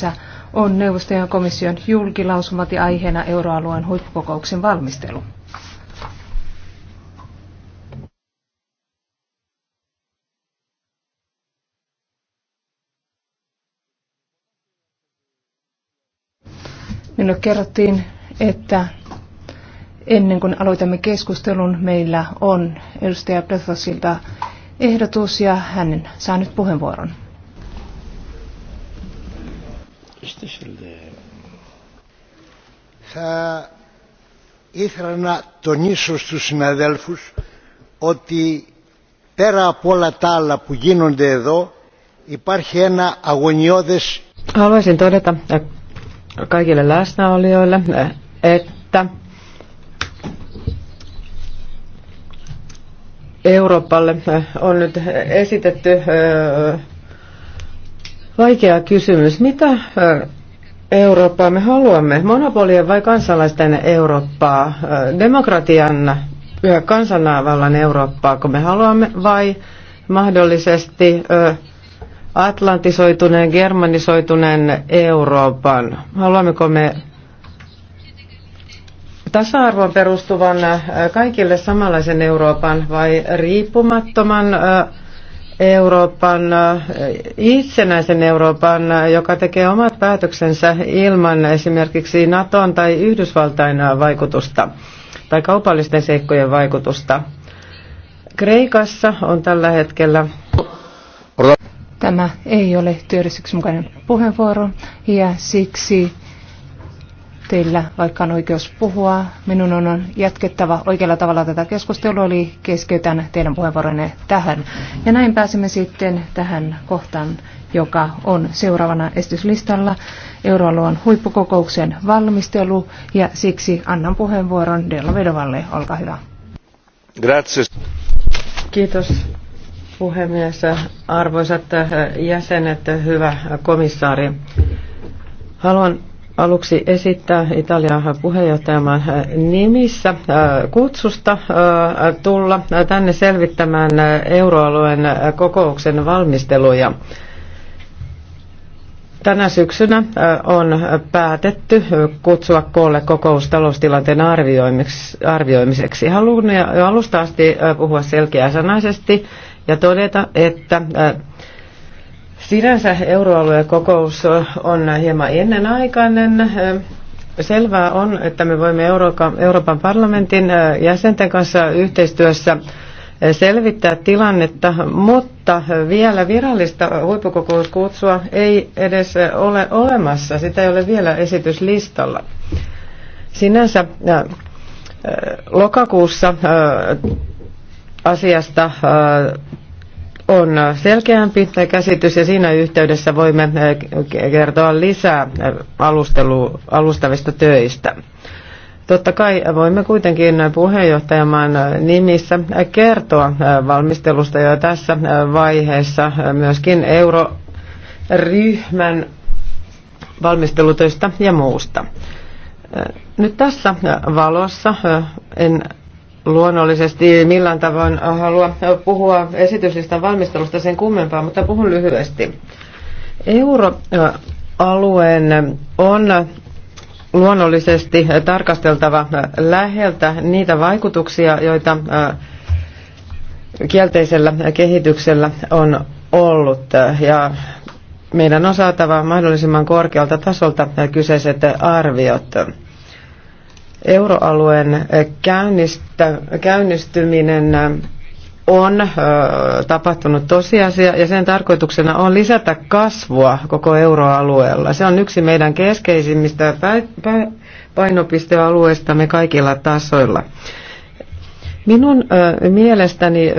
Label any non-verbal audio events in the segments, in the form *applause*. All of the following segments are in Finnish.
käsittelyssä on neuvostojen ja komission julkilausumat ja aiheena euroalueen huippukokouksen valmistelu. Minulle kerrottiin, että ennen kuin aloitamme keskustelun, meillä on edustaja Pletosilta ehdotus ja hän saa nyt puheenvuoron. Στήσελε. Θα ήθελα να τονίσω στους συναδέλφους ότι πέρα από όλα τα άλλα που γίνονται εδώ υπάρχει ένα αγωνιώδες Haluaisin todeta kaikille läsnäolijoille, että Euroopalle on nyt esitetty Vaikea kysymys. Mitä Eurooppaa me haluamme? Monopolien vai kansalaisten Eurooppaa? Demokratian ja kansanvallan Eurooppaa, kun me haluamme, vai mahdollisesti atlantisoituneen, germanisoituneen Euroopan? Haluammeko me tasa-arvoon perustuvan kaikille samanlaisen Euroopan vai riippumattoman Euroopan, itsenäisen Euroopan, joka tekee omat päätöksensä ilman esimerkiksi Naton tai Yhdysvaltain vaikutusta tai kaupallisten seikkojen vaikutusta. Kreikassa on tällä hetkellä... Tämä ei ole työllisyyksen mukainen puheenvuoro ja siksi teillä, vaikka on oikeus puhua. Minun on jatkettava oikealla tavalla tätä keskustelua, eli keskeytän teidän puheenvuoronne tähän. Ja näin pääsemme sitten tähän kohtaan, joka on seuraavana esityslistalla euroalueen huippukokouksen valmistelu, ja siksi annan puheenvuoron Della Vedovalle. Olkaa hyvä. Grazie. Kiitos puhemies, arvoisat jäsenet, hyvä komissaari. Haluan aluksi esittää Italian puheenjohtajan äh, nimissä äh, kutsusta äh, tulla tänne selvittämään euroalueen kokouksen valmisteluja. Tänä syksynä on päätetty kutsua koolle kokous taloustilanteen arvioimiseksi. Haluan alusta asti puhua selkeäsanaisesti ja todeta, että Sinänsä euroalueen kokous on hieman ennenaikainen. Selvää on, että me voimme Euroopan parlamentin jäsenten kanssa yhteistyössä selvittää tilannetta, mutta vielä virallista huippukokouskutsua ei edes ole olemassa. Sitä ei ole vielä esityslistalla. Sinänsä lokakuussa asiasta on selkeämpi käsitys ja siinä yhteydessä voimme äh, kertoa lisää äh, alustelu, alustavista töistä. Totta kai voimme kuitenkin puheenjohtajamaan nimissä kertoa äh, valmistelusta jo tässä vaiheessa myöskin euroryhmän valmistelutöistä ja muusta. Nyt tässä valossa en luonnollisesti millään tavoin halua puhua esityslistan valmistelusta sen kummempaa, mutta puhun lyhyesti. Euroalueen on luonnollisesti tarkasteltava läheltä niitä vaikutuksia, joita kielteisellä kehityksellä on ollut. Ja meidän on saatava mahdollisimman korkealta tasolta kyseiset arviot euroalueen eh, käynnistyminen eh, on eh, tapahtunut tosiasia ja sen tarkoituksena on lisätä kasvua koko euroalueella. Se on yksi meidän keskeisimmistä painopistealueistamme kaikilla tasoilla. Minun mielestäni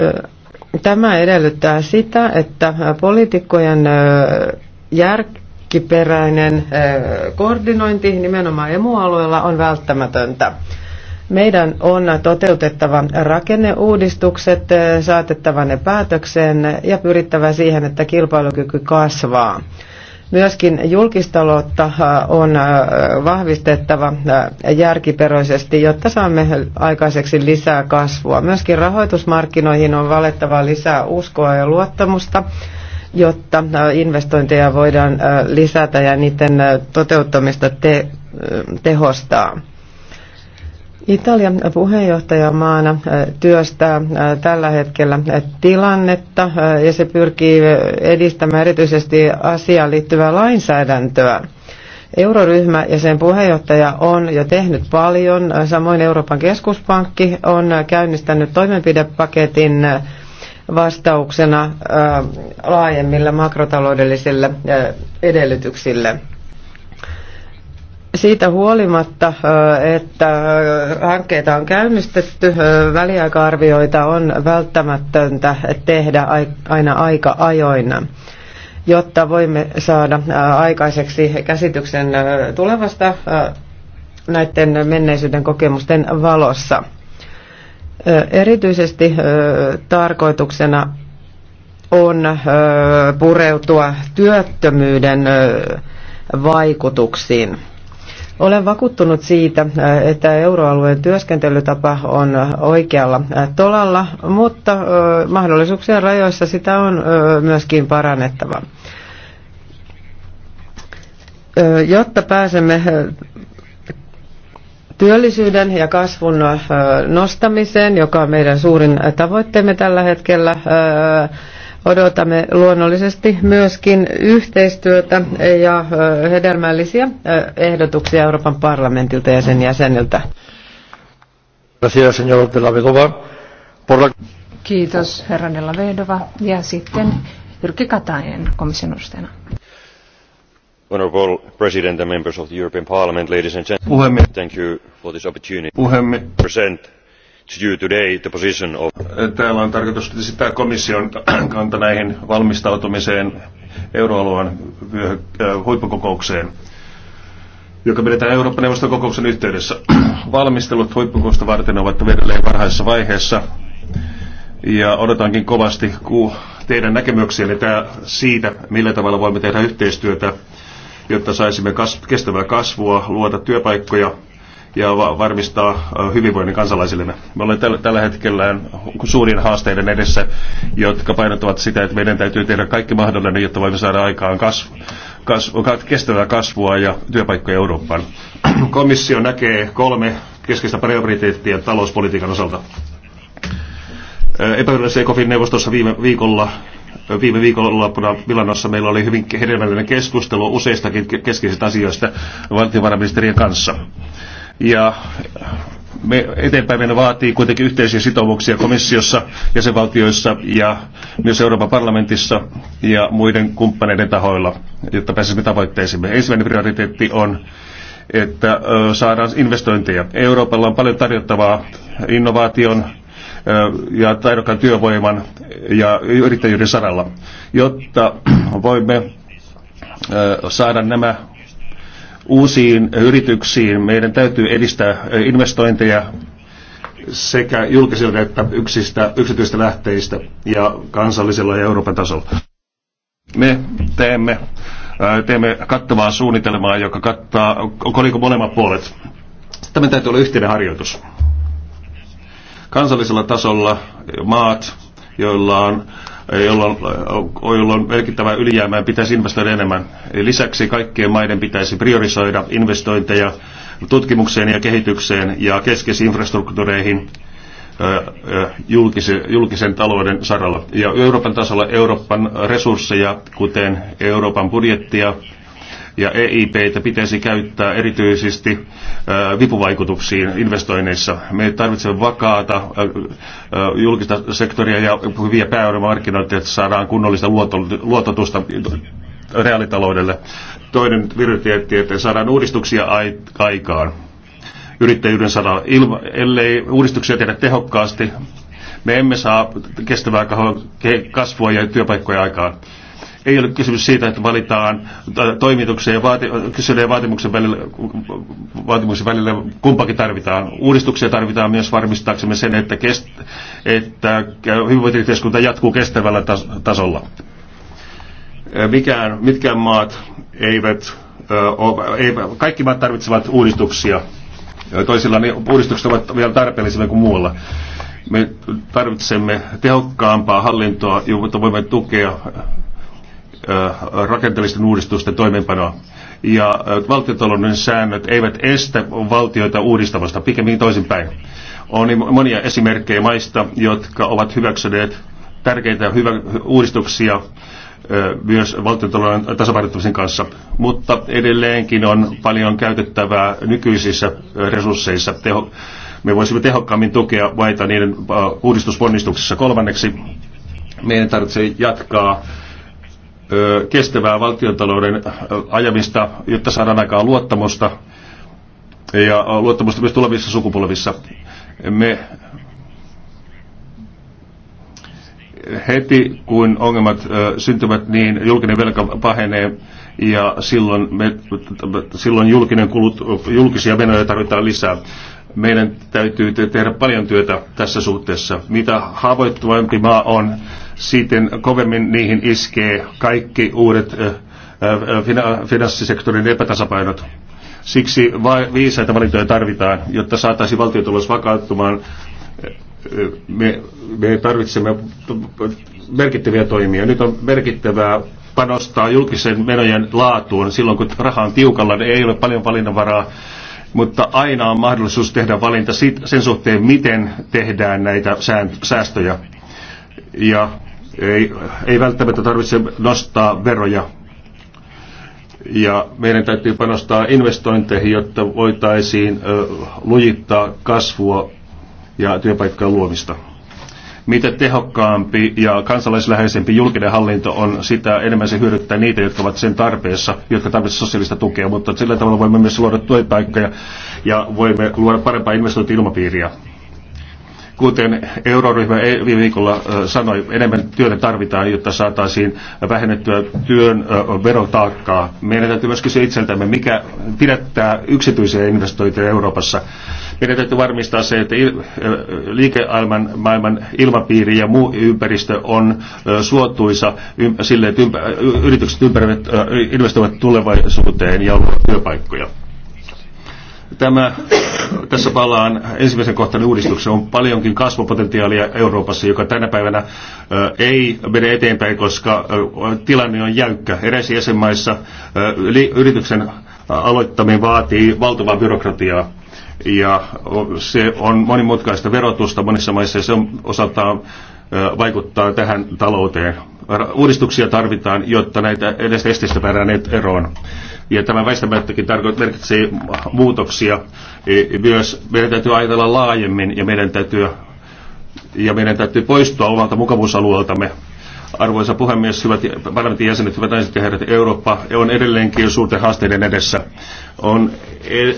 tämä edellyttää sitä, että poliitikkojen jär, kaikkiperäinen koordinointi nimenomaan emualueella on välttämätöntä. Meidän on toteutettava rakenneuudistukset, saatettava ne päätökseen ja pyrittävä siihen, että kilpailukyky kasvaa. Myöskin julkistaloutta on vahvistettava järkiperäisesti, jotta saamme aikaiseksi lisää kasvua. Myöskin rahoitusmarkkinoihin on valettava lisää uskoa ja luottamusta jotta äh, investointeja voidaan äh, lisätä ja niiden äh, toteuttamista te- tehostaa. Italian puheenjohtajamaana työstää tällä hetkellä tilannetta ja se pyrkii edistämään erityisesti asiaan liittyvää lainsäädäntöä. Euroryhmä ja sen puheenjohtaja on jo tehnyt paljon, samoin Euroopan keskuspankki on käynnistänyt toimenpidepaketin vastauksena laajemmille makrotaloudellisille edellytyksille. Siitä huolimatta, että hankkeita on käynnistetty, väliaikaarvioita on välttämätöntä tehdä aina aika ajoina jotta voimme saada aikaiseksi käsityksen tulevasta näiden menneisyyden kokemusten valossa. Erityisesti tarkoituksena on pureutua työttömyyden vaikutuksiin. Olen vakuuttunut siitä, että euroalueen työskentelytapa on oikealla tolalla, mutta mahdollisuuksien rajoissa sitä on myöskin parannettava. Jotta pääsemme työllisyyden ja kasvun nostamiseen, joka on meidän suurin tavoitteemme tällä hetkellä. Odotamme luonnollisesti myöskin yhteistyötä ja hedelmällisiä ehdotuksia Euroopan parlamentilta ja sen jäseniltä. Kiitos herra Nella Vedova ja sitten Jyrki Katainen komission Honorable President and members of the European Parliament, ladies and gentlemen, thank you for this opportunity to present to you today the position of... Täällä on tarkoitus esittää komission kanta näihin valmistautumiseen euroalueen huippukokoukseen joka pidetään Euroopan neuvoston kokouksen yhteydessä. Valmistelut huippukokousta varten ovat edelleen varhaisessa vaiheessa ja odotankin kovasti teidän näkemyksiänne siitä, millä tavalla voimme tehdä yhteistyötä jotta saisimme kas- kestävää kasvua, luota työpaikkoja ja va- varmistaa hyvinvoinnin kansalaisillemme. Me olemme täl- tällä hetkellä suurin haasteiden edessä, jotka painottavat sitä, että meidän täytyy tehdä kaikki mahdollinen, jotta voimme saada aikaan kasvu- kas- kestävää kasvua ja työpaikkoja Eurooppaan. *clears throat* Komissio näkee kolme keskeistä prioriteettia talouspolitiikan osalta. Epävirallisessa ECOFIN-neuvostossa viime viikolla Viime viikonloppuna Milanossa meillä oli hyvin hedelmällinen keskustelu useistakin keskeisistä asioista valtiovarainministerien kanssa. Ja me eteenpäin meidän vaatii kuitenkin yhteisiä sitoumuksia komissiossa, jäsenvaltioissa ja myös Euroopan parlamentissa ja muiden kumppaneiden tahoilla, jotta pääsisimme tavoitteisiimme. Ensimmäinen prioriteetti on että saadaan investointeja. Euroopalla on paljon tarjottavaa innovaation ja taidokkaan työvoiman ja yrittäjyyden saralla, jotta *clears throat* voimme saada nämä uusiin yrityksiin. Meidän täytyy edistää investointeja sekä julkisilta että yksistä, yksityistä lähteistä ja kansallisella ja Euroopan tasolla. Me teemme, teemme kattavaa suunnitelmaa, joka kattaa koliko molemmat puolet. Tämä täytyy olla yhteinen harjoitus. Kansallisella tasolla maat, joilla on jolloin, jolloin merkittävää ylijäämää pitäisi investoida enemmän. Lisäksi kaikkien maiden pitäisi priorisoida investointeja tutkimukseen ja kehitykseen ja keskeisiin infrastruktuureihin julkisen, julkisen talouden saralla. Ja Euroopan tasolla Euroopan resursseja, kuten Euroopan budjettia, ja EIPtä pitäisi käyttää erityisesti vipuvaikutuksiin investoinneissa. Me tarvitsemme vakaata julkista sektoria ja hyviä pääomamarkkinoita, että saadaan kunnollista luototusta reaalitaloudelle. Toinen virtietti, että saadaan uudistuksia aikaan yrittäjyyden saada Ilma, ellei uudistuksia tehdä tehokkaasti, me emme saa kestävää kasvua ja työpaikkoja aikaan. Ei ole kysymys siitä, että valitaan toimituksen ja, vaati, kysynnän vaatimuksen välillä, vaatimuksen välillä kumpakin tarvitaan. Uudistuksia tarvitaan myös varmistaaksemme sen, että, kest, että hyvinvointiyhteiskunta jatkuu kestävällä tas, tasolla. Mikään, mitkään maat eivät, kaikki maat tarvitsevat uudistuksia. Toisilla ne uudistukset ovat vielä tarpeellisemmin kuin muualla me tarvitsemme tehokkaampaa hallintoa, jotta voimme tukea rakenteellisten uudistusten toimeenpanoa. Ja valtiotalouden säännöt eivät estä valtioita uudistamasta, pikemminkin toisinpäin. On monia esimerkkejä maista, jotka ovat hyväksyneet tärkeitä hyvä, uudistuksia myös valtiotalouden tasapainottamisen kanssa, mutta edelleenkin on paljon käytettävää nykyisissä resursseissa. Teho, me voisimme tehokkaammin tukea vaita niiden uudistusponnistuksissa. Kolmanneksi meidän tarvitsee jatkaa kestävää valtiontalouden ajamista, jotta saadaan aikaan luottamusta ja luottamusta myös tulevissa sukupolvissa. Me heti kun ongelmat syntyvät, niin julkinen velka pahenee ja silloin, me, silloin julkinen kulut, julkisia menoja tarvitaan lisää meidän täytyy tehdä paljon työtä tässä suhteessa. Mitä haavoittuvampi maa on, sitten kovemmin niihin iskee kaikki uudet finanssisektorin epätasapainot. Siksi viisaita valintoja tarvitaan, jotta saataisiin valtiotulos vakauttumaan. Me, me tarvitsemme merkittäviä toimia. Nyt on merkittävää panostaa julkisen menojen laatuun. Silloin kun raha on tiukalla, niin ei ole paljon valinnanvaraa mutta aina on mahdollisuus tehdä valinta sen suhteen, miten tehdään näitä säästöjä. Ja ei, ei välttämättä tarvitse nostaa veroja. Ja meidän täytyy panostaa investointeihin, jotta voitaisiin lujittaa kasvua ja työpaikkojen luomista. Mitä tehokkaampi ja kansalaisläheisempi julkinen hallinto on, sitä enemmän se hyödyttää niitä, jotka ovat sen tarpeessa, jotka tarvitsevat sosiaalista tukea, mutta sillä tavalla voimme myös luoda työpaikkoja ja voimme luoda parempaa investointi-ilmapiiriä kuten euroryhmä e- viime viikolla sanoi, enemmän työtä tarvitaan, jotta saataisiin vähennettyä työn verotaakkaa. Meidän täytyy myös kysyä itseltämme, mikä pidättää yksityisiä investointeja Euroopassa. Meidän täytyy varmistaa se, että liike-maailman ilmapiiri ja muu ympäristö on suotuisa sille, että ympä, yritykset ympäröivät, investoivat tulevaisuuteen ja luovat työpaikkoja. Tämä, tässä palaan ensimmäisen kohtaan uudistuksen. On paljonkin kasvupotentiaalia Euroopassa, joka tänä päivänä ei mene eteenpäin, koska tilanne on jäykkä. Eräissä jäsenmaissa yrityksen aloittaminen vaatii valtavaa byrokratiaa ja se on monimutkaista verotusta monissa maissa ja se on osaltaan vaikuttaa tähän talouteen. Uudistuksia tarvitaan, jotta näitä edes esteistä päädään eroon. Ja tämä väistämättäkin merkitsee muutoksia. E, myös meidän täytyy ajatella laajemmin ja meidän täytyy, ja meidän täytyy poistua omalta mukavuusalueeltamme. Arvoisa puhemies, hyvät parlamentin jäsenet, hyvät naiset ja herrat, Eurooppa on edelleenkin suurten haasteiden edessä. On e-,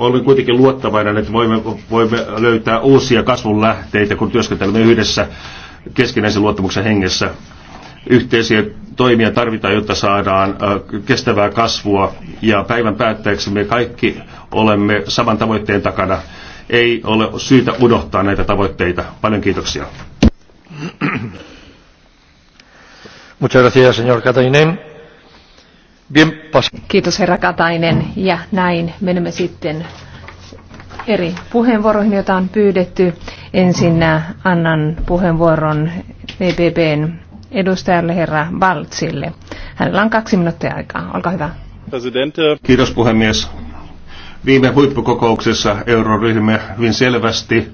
olen kuitenkin luottavainen, että voimme, voimme löytää uusia kasvun lähteitä, kun työskentelemme yhdessä keskinäisen luottamuksen hengessä. Yhteisiä toimia tarvitaan, jotta saadaan kestävää kasvua ja päivän päätteeksi me kaikki olemme saman tavoitteen takana. Ei ole syytä unohtaa näitä tavoitteita. Paljon kiitoksia. Muchas gracias, señor Katainen. Kiitos herra Katainen. Ja näin menemme sitten eri puheenvuoroihin, joita on pyydetty. Ensin äh, annan puheenvuoron EPPn edustajalle herra Baltsille. Hänellä on kaksi minuuttia aikaa. Olkaa hyvä. Presidente. Kiitos puhemies. Viime huippukokouksessa euroryhmä hyvin selvästi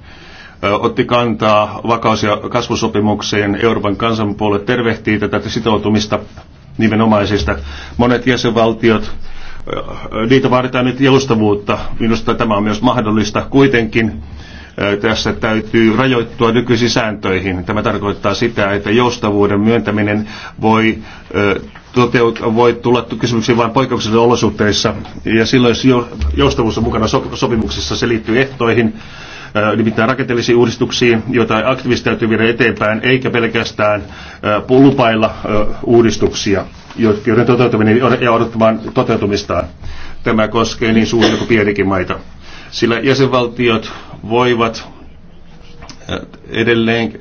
otti kantaa vakaus- ja kasvusopimukseen. Euroopan kansanpuolue tervehtii tätä sitoutumista nimenomaisista. Monet jäsenvaltiot, niitä vaaditaan nyt joustavuutta. Minusta tämä on myös mahdollista. Kuitenkin tässä täytyy rajoittua nykyisiin sääntöihin. Tämä tarkoittaa sitä, että joustavuuden myöntäminen voi, voi tulla kysymyksiin vain poikkeuksellisissa olosuhteissa. Ja silloin, jos joustavuus on mukana sopimuksissa, se liittyy ehtoihin nimittäin rakenteellisiin uudistuksiin, joita aktiivisesti täytyy viedä eteenpäin, eikä pelkästään lupailla uudistuksia, joiden toteutuminen ja odottamaan toteutumistaan. Tämä koskee niin suuria kuin pienikin maita. Sillä jäsenvaltiot voivat edelleen,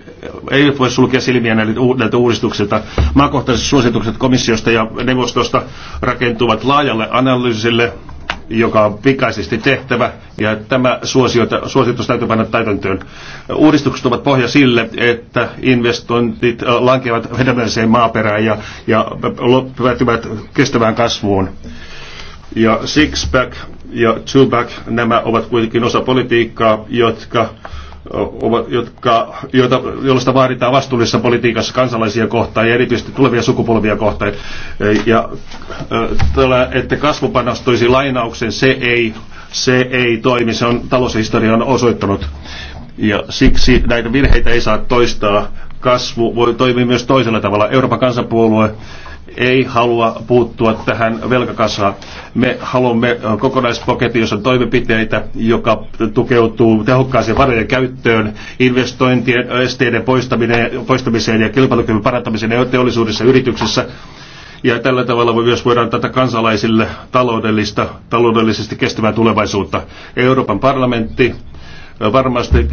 ei voi sulkea silmiä näiltä uudistuksilta. Maakohtaiset suositukset komissiosta ja neuvostosta rakentuvat laajalle analyysille joka on pikaisesti tehtävä, ja tämä suosiota, suositus täytyy panna täytäntöön. Uudistukset ovat pohja sille, että investointit äh, lankevat vedemäiseen maaperään ja, ja päätyvät kestävään kasvuun. Ja six-pack ja two-pack, nämä ovat kuitenkin osa politiikkaa, jotka jotka, joita, joista vaaditaan vastuullisessa politiikassa kansalaisia kohtaan ja erityisesti tulevia sukupolvia kohtaan. Ja tällä, että kasvu panostuisi lainauksen, se ei, se ei toimi, se on taloushistoria on osoittanut. Ja siksi näitä virheitä ei saa toistaa kasvu voi toimia myös toisella tavalla. Euroopan kansanpuolue ei halua puuttua tähän velkakasaan. Me haluamme kokonaispaketin, jossa on toimenpiteitä, joka tukeutuu tehokkaaseen varojen käyttöön, investointien esteiden poistamiseen ja kilpailukyvyn parantamiseen teollisuudessa ja yrityksissä. Ja tällä tavalla voi myös voidaan tätä kansalaisille taloudellista, taloudellisesti kestävää tulevaisuutta. Euroopan parlamentti varmasti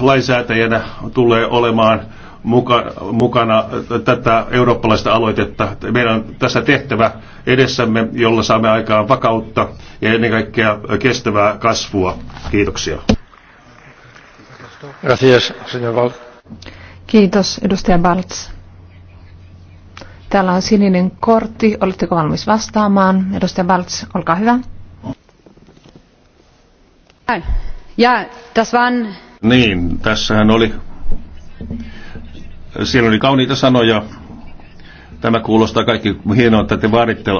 lainsäätäjänä tulee olemaan muka, mukana tätä eurooppalaista aloitetta. Meidän on tässä tehtävä edessämme, jolla saamme aikaan vakautta ja ennen kaikkea kestävää kasvua. Kiitoksia. Gracias, señor Valls. Kiitos, edustaja Balts. Täällä on sininen kortti. Oletteko valmis vastaamaan? Edustaja Balts, olkaa hyvä. Ja, das waren... Niin, tässähän oli siellä oli kauniita sanoja. Tämä kuulostaa kaikki hienoa, että te vaaditte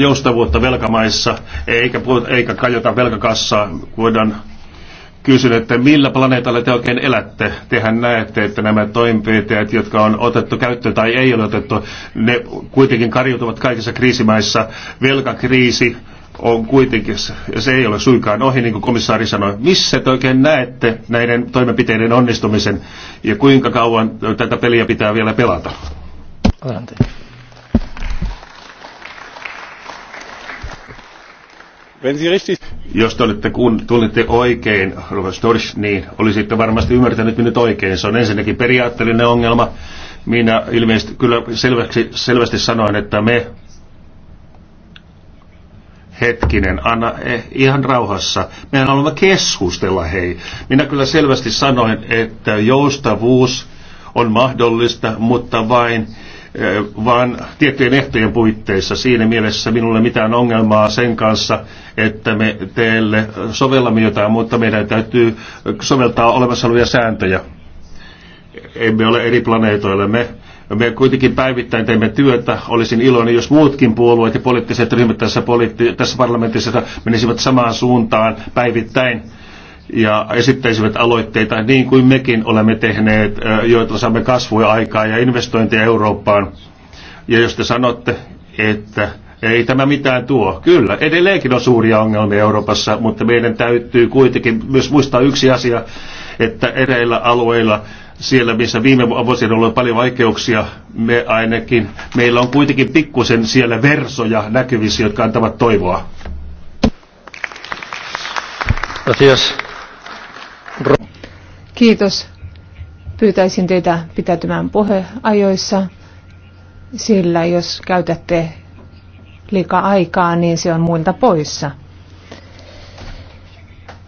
joustavuutta velkamaissa, eikä, eikä kajota velkakassaa. Voidaan kysyn, että millä planeetalla te oikein elätte? Tehän näette, että nämä toimenpiteet, jotka on otettu käyttöön tai ei ole otettu, ne kuitenkin karjutuvat kaikissa kriisimaissa. Velkakriisi, on kuitenkin, se ei ole suinkaan ohi, niin kuin komissaari sanoi. Missä te oikein näette näiden toimenpiteiden onnistumisen ja kuinka kauan tätä peliä pitää vielä pelata? Adelante. Jos te olette, kun tulitte oikein, Storch, niin olisitte varmasti ymmärtänyt minut oikein. Se on ensinnäkin periaatteellinen ongelma. Minä ilmeisesti kyllä selväksi, selvästi sanoin, että me hetkinen, anna eh, ihan rauhassa. Mehän haluamme keskustella, hei. Minä kyllä selvästi sanoin, että joustavuus on mahdollista, mutta vain eh, vaan tiettyjen ehtojen puitteissa. Siinä mielessä minulle mitään ongelmaa sen kanssa, että me teille sovellamme jotain, mutta meidän täytyy soveltaa olemassa olevia sääntöjä. Emme ole eri planeetoille. Me me kuitenkin päivittäin teemme työtä. Olisin iloinen, jos muutkin puolueet ja poliittiset ryhmät tässä, poliitti- tässä parlamentissa menisivät samaan suuntaan päivittäin ja esittäisivät aloitteita niin kuin mekin olemme tehneet, joita saamme kasvua aikaa ja investointeja Eurooppaan. Ja jos te sanotte, että ei tämä mitään tuo. Kyllä, edelleenkin on suuria ongelmia Euroopassa, mutta meidän täytyy kuitenkin myös muistaa yksi asia, että eräillä alueilla siellä, missä viime vuosina on ollut paljon vaikeuksia, me ainakin, meillä on kuitenkin pikkusen siellä versoja näkyvissä, jotka antavat toivoa. Kiitos. Kiitos. Pyytäisin teitä pitäytymään puheajoissa, sillä jos käytätte liikaa aikaa, niin se on muilta poissa.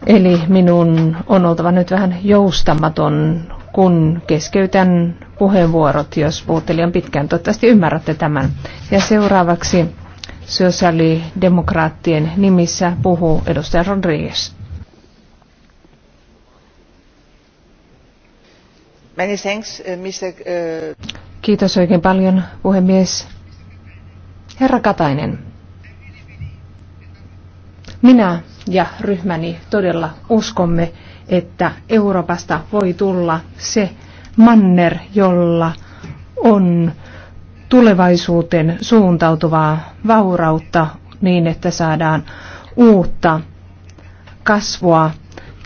Eli minun on oltava nyt vähän joustamaton, kun keskeytän puheenvuorot, jos puhutte liian pitkään. Toivottavasti ymmärrätte tämän. Ja seuraavaksi sosiaalidemokraattien nimissä puhuu edustaja Rodriguez. Many thanks, uh, Mr. Uh, Kiitos oikein paljon, puhemies. Herra Katainen, minä ja ryhmäni todella uskomme, että Euroopasta voi tulla se manner, jolla on tulevaisuuteen suuntautuvaa vaurautta niin, että saadaan uutta kasvua,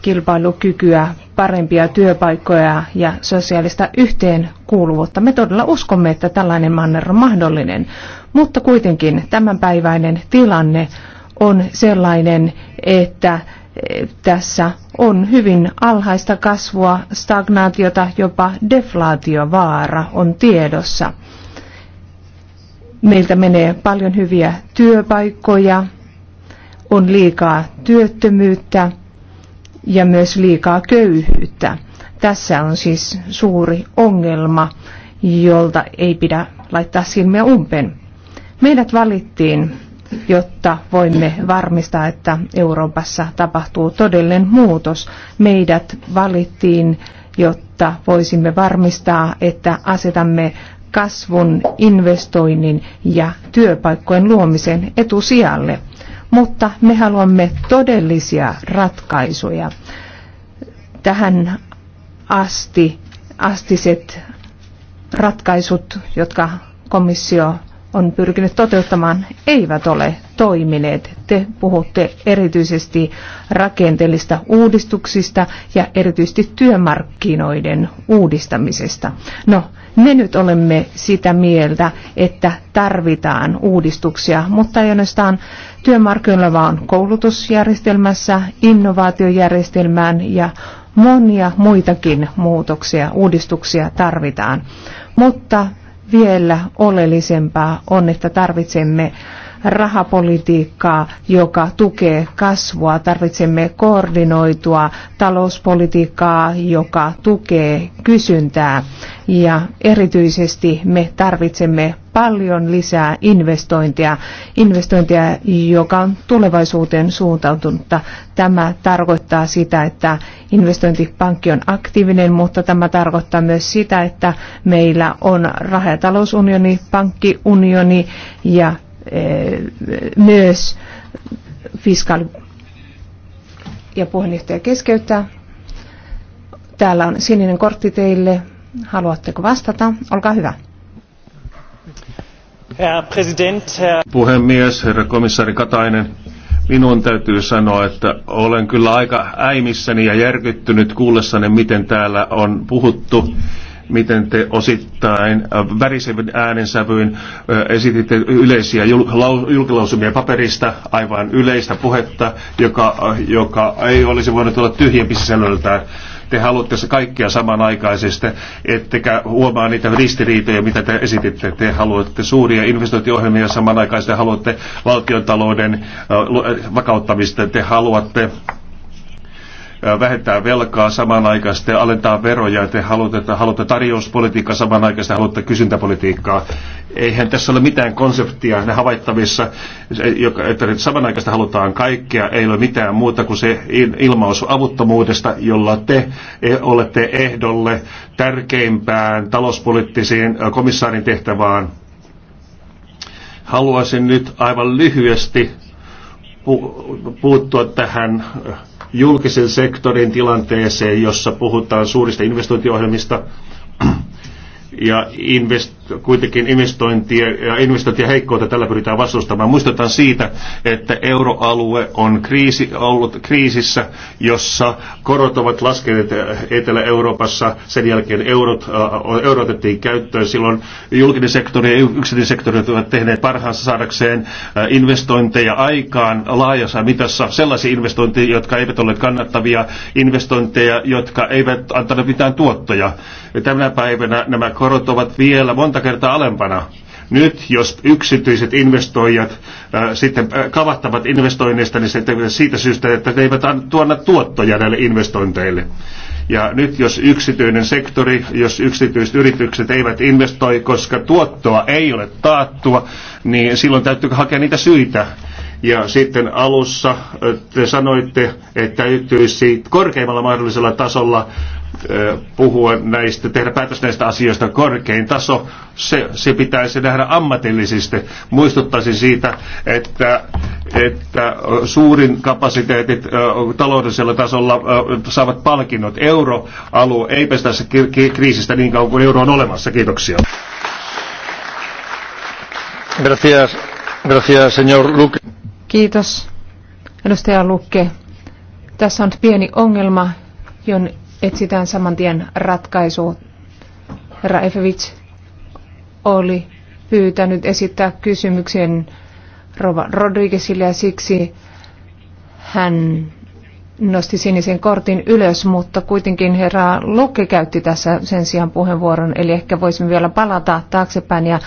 kilpailukykyä, parempia työpaikkoja ja sosiaalista yhteenkuuluvuutta. Me todella uskomme, että tällainen manner on mahdollinen, mutta kuitenkin tämänpäiväinen tilanne on sellainen, että eh, tässä on hyvin alhaista kasvua, stagnaatiota, jopa deflaatiovaara on tiedossa. Meiltä menee paljon hyviä työpaikkoja, on liikaa työttömyyttä ja myös liikaa köyhyyttä. Tässä on siis suuri ongelma, jolta ei pidä laittaa silmiä umpeen. Meidät valittiin jotta voimme varmistaa, että Euroopassa tapahtuu todellinen muutos. Meidät valittiin, jotta voisimme varmistaa, että asetamme kasvun, investoinnin ja työpaikkojen luomisen etusijalle. Mutta me haluamme todellisia ratkaisuja. Tähän asti astiset ratkaisut, jotka komissio on pyrkinyt toteuttamaan, eivät ole toimineet. Te puhutte erityisesti rakenteellista uudistuksista ja erityisesti työmarkkinoiden uudistamisesta. No, me nyt olemme sitä mieltä, että tarvitaan uudistuksia, mutta ei ainoastaan työmarkkinoilla, vaan koulutusjärjestelmässä, innovaatiojärjestelmään ja monia muitakin muutoksia, uudistuksia tarvitaan. Mutta vielä oleellisempaa on, että tarvitsemme rahapolitiikkaa, joka tukee kasvua. Tarvitsemme koordinoitua talouspolitiikkaa, joka tukee kysyntää. Ja erityisesti me tarvitsemme paljon lisää investointia, investointia, joka on tulevaisuuteen suuntautunutta. Tämä tarkoittaa sitä, että investointipankki on aktiivinen, mutta tämä tarkoittaa myös sitä, että meillä on rahatalousunioni, pankkiunioni ja e, myös fiskaali ja puheenjohtaja keskeyttää. Täällä on sininen kortti teille. Haluatteko vastata? Olkaa hyvä. Puhemies, herra komissaari Katainen, minun täytyy sanoa, että olen kyllä aika äimissäni ja järkyttynyt kuullessani, miten täällä on puhuttu miten te osittain värisevin äänensävyyn esititte yleisiä julkilausumia paperista, aivan yleistä puhetta, joka, joka ei olisi voinut olla tyhjempi sisällöltään. Te haluatte se kaikkea samanaikaisesti, ettekä huomaa niitä ristiriitoja, mitä te esititte. Te haluatte suuria investointiohjelmia samanaikaisesti, te haluatte valtiontalouden vakauttamista, te haluatte vähentää velkaa samanaikaisesti, alentaa veroja, te haluatte, haluatte tarjouspolitiikkaa samanaikaisesti, haluatte kysyntäpolitiikkaa. Eihän tässä ole mitään konseptia ne havaittavissa, että samanaikaisesti halutaan kaikkea, ei ole mitään muuta kuin se ilmaus avuttomuudesta, jolla te e, olette ehdolle tärkeimpään talouspoliittisiin komissaarin tehtävään. Haluaisin nyt aivan lyhyesti puuttua tähän julkisen sektorin tilanteeseen, jossa puhutaan suurista investointiohjelmista ja invest, kuitenkin investointia ja investointia heikkoutta tällä pyritään vastustamaan. Muistetaan siitä, että euroalue on kriisi, ollut kriisissä, jossa korot ovat laskeneet Etelä-Euroopassa. Sen jälkeen eurot, äh, eurotettiin käyttöön. Silloin julkinen sektori ja yksityinen sektori ovat tehneet parhaansa saadakseen äh, investointeja aikaan laajassa mitassa. Sellaisia investointeja, jotka eivät ole kannattavia, investointeja, jotka eivät antaneet mitään tuottoja. Tänä päivänä nämä korot ovat vielä monta kertaa alempana. Nyt jos yksityiset investoijat äh, sitten äh, kavattavat investoinneista, niin sitten siitä syystä, että ne eivät tuonna tuottoja näille investointeille. Ja nyt jos yksityinen sektori, jos yksityiset yritykset eivät investoi, koska tuottoa ei ole taattua, niin silloin täytyy hakea niitä syitä. Ja sitten alussa äh, te sanoitte, että täytyisi korkeimmalla mahdollisella tasolla Eh, puhua näistä, tehdä päätös näistä asioista. Korkein taso, se, se pitäisi nähdä ammatillisesti. Muistuttaisin siitä, että, että suurin kapasiteetit taloudellisella tasolla saavat palkinnot. Euroalue ei pestä tässä kriisistä niin kauan kuin euro on olemassa. Kiitoksia. Gracias. Gracias, señor Luque. Kiitos, edustaja Lukke. Tässä on pieni ongelma, jon etsitään saman tien ratkaisu. Herra oli pyytänyt esittää kysymyksen Rova Rodriguezille ja siksi hän nosti sinisen kortin ylös, mutta kuitenkin herra Lukke käytti tässä sen sijaan puheenvuoron, eli ehkä voisimme vielä palata taaksepäin ja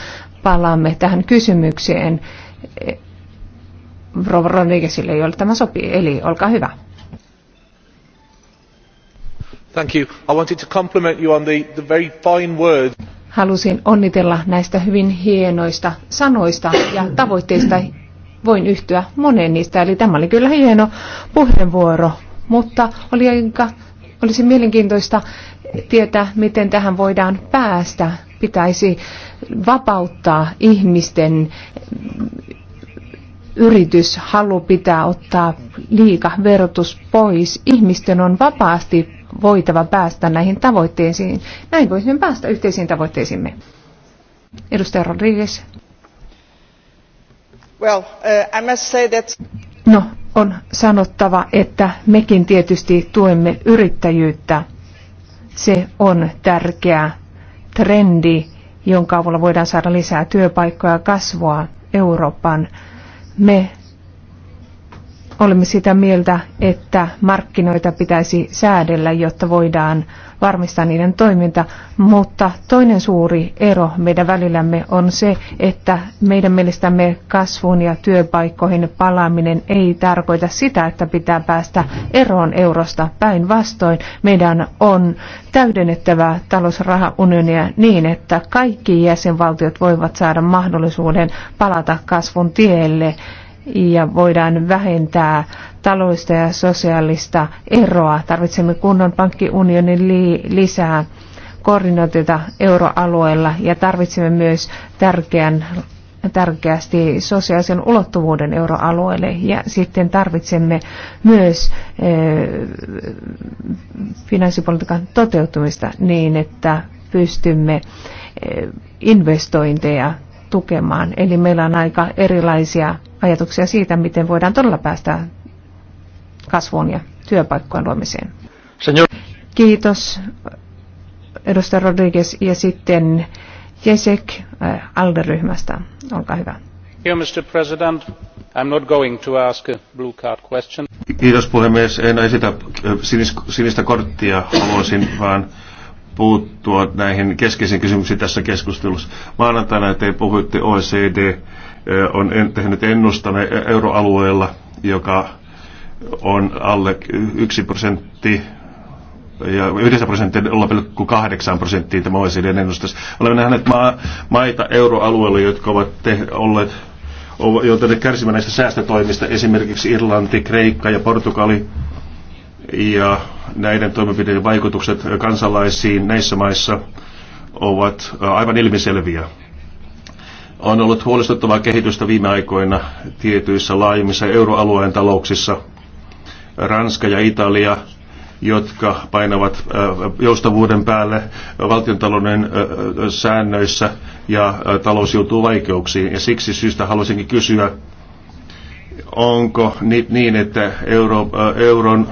palaamme tähän kysymykseen. Rova Rodriguezille, jolle tämä sopii, eli olkaa hyvä. Halusin onnitella näistä hyvin hienoista sanoista ja tavoitteista. Voin yhtyä moneen niistä, eli tämä oli kyllä hieno puheenvuoro, mutta oli aika, olisi mielenkiintoista tietää, miten tähän voidaan päästä. Pitäisi vapauttaa ihmisten yrityshalu pitää ottaa liika verotus pois. Ihmisten on vapaasti voitava päästä näihin tavoitteisiin. Näin voisimme päästä yhteisiin tavoitteisiimme. Edustaja Rodriguez. Well, uh, I must say that... No, on sanottava, että mekin tietysti tuemme yrittäjyyttä. Se on tärkeä trendi, jonka avulla voidaan saada lisää työpaikkoja ja kasvua Euroopan. Me olemme sitä mieltä, että markkinoita pitäisi säädellä, jotta voidaan varmistaa niiden toiminta, mutta toinen suuri ero meidän välillämme on se, että meidän mielestämme kasvuun ja työpaikkoihin palaaminen ei tarkoita sitä, että pitää päästä eroon eurosta päinvastoin. Meidän on täydennettävä talousrahaunionia niin, että kaikki jäsenvaltiot voivat saada mahdollisuuden palata kasvun tielle ja voidaan vähentää taloudellista ja sosiaalista eroa. Tarvitsemme kunnon pankkiunionin li- lisää koordinoitiota euroalueella ja tarvitsemme myös tärkeän tärkeästi sosiaalisen ulottuvuuden euroalueelle ja sitten tarvitsemme myös e, finanssipolitiikan toteutumista niin, että pystymme eh, investointeja tukemaan. Eli meillä on aika erilaisia ajatuksia siitä, miten voidaan todella päästä kasvuun ja työpaikkojen luomiseen. Senor. Kiitos, edustaja Rodriguez. Ja sitten Jesek äh, ALDE-ryhmästä. Olkaa hyvä. Mr. President. I'm not going to ask a blue card question. Kiitos puhemies. En esitä äh, sinistä korttia. Haluaisin vaan puuttua näihin keskeisiin kysymyksiin tässä keskustelussa. Maanantaina te puhuitte OECD eh, on tehnyt ennustane euroalueella, joka on alle 1 prosentti ja 9 prosenttia 0,8 prosenttia tämä OECD ennustus. Olemme nähneet maa, maita euroalueella, jotka ovat te, olleet joutuneet kärsimään näistä säästötoimista, esimerkiksi Irlanti, Kreikka ja Portugali ja näiden toimenpiteiden vaikutukset kansalaisiin näissä maissa ovat äh, aivan ilmiselviä. On ollut huolestuttavaa kehitystä viime aikoina tietyissä laajemmissa euroalueen talouksissa. Ranska ja Italia, jotka painavat äh, joustavuuden päälle valtiontalouden äh, säännöissä ja talous joutuu vaikeuksiin. Ja siksi syystä haluaisinkin kysyä, onko niin, että euro, euron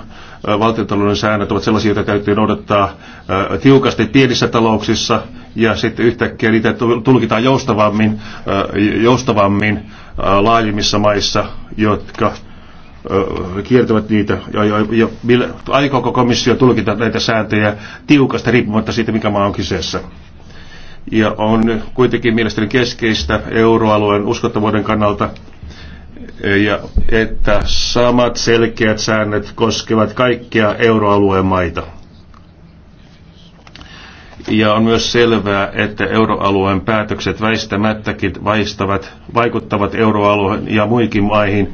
valtiotalouden säännöt ovat sellaisia, joita täytyy noudattaa tiukasti pienissä talouksissa ja sitten yhtäkkiä niitä tulkitaan joustavammin, joustavammin laajimmissa maissa, jotka kiertävät niitä. Ja, ja, ja millä, aikooko komissio tulkita näitä sääntöjä tiukasti riippumatta siitä, mikä maa on kyseessä? Ja on kuitenkin mielestäni keskeistä euroalueen uskottavuuden kannalta ja että samat selkeät säännöt koskevat kaikkia euroalueen maita. Ja on myös selvää, että euroalueen päätökset väistämättäkin vaistavat, vaikuttavat euroalueen ja muihin maihin.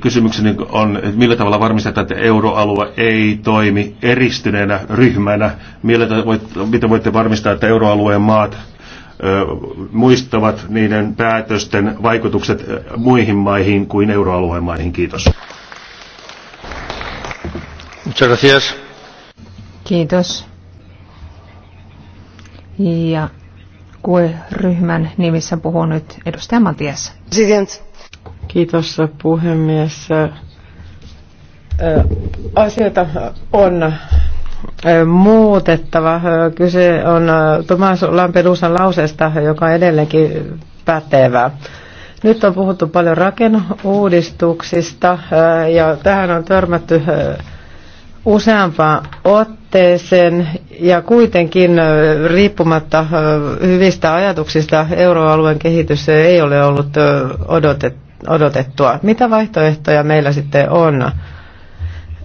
Kysymykseni on, että millä tavalla varmistetaan, että euroalue ei toimi eristyneenä ryhmänä? Millä voit, miten voitte varmistaa, että euroalueen maat muistavat niiden päätösten vaikutukset muihin maihin kuin euroalueen maihin. Kiitos. Muchas Kiitos. Ja QE-ryhmän nimissä puhuu nyt edustaja Matias. Kiitos puhemies. Asioita on muutettava. Kyse on Tomas Lampedusan lauseesta, joka on edelleenkin pätevä. Nyt on puhuttu paljon rakennuudistuksista ja tähän on törmätty useampaan otteeseen ja kuitenkin riippumatta hyvistä ajatuksista euroalueen kehitys ei ole ollut odotettua. Mitä vaihtoehtoja meillä sitten on?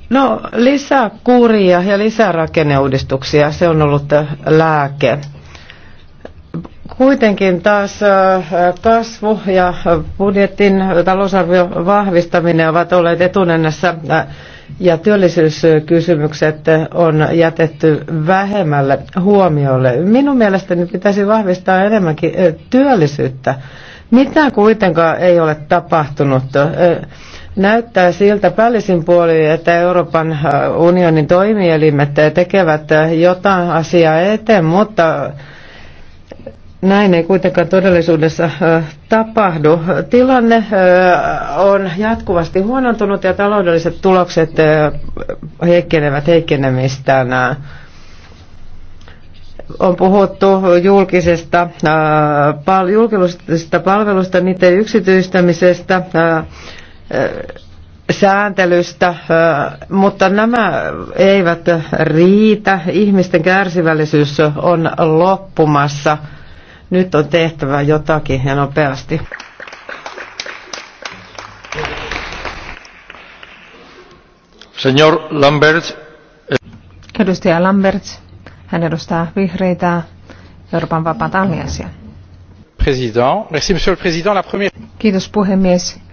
No lisää kuria ja lisää rakenneuudistuksia, se on ollut äh, lääke. Kuitenkin taas äh, kasvu ja budjetin talousarvio vahvistaminen ovat olleet etunenässä äh, ja työllisyyskysymykset on jätetty vähemmälle huomiolle. Minun mielestäni pitäisi vahvistaa enemmänkin työllisyyttä. Mitä kuitenkaan ei ole tapahtunut. Näyttää siltä päällisin puolin, että Euroopan äh, unionin toimielimet tekevät äh, jotain asiaa eteen, mutta näin ei kuitenkaan todellisuudessa äh, tapahdu. Tilanne on jatkuvasti huonontunut ja taloudelliset tulokset heikkenevät heikkenemistään. On puhuttu julkisesta, julkisista palveluista, niiden yksityistämisestä sääntelystä, mutta nämä eivät riitä. Ihmisten kärsivällisyys on loppumassa. Nyt on tehtävä jotakin ja nopeasti. Señor Lambert. Edustaja Lambert, hän edustaa vihreitä Euroopan vapaata allianssia. Kiitos puhemies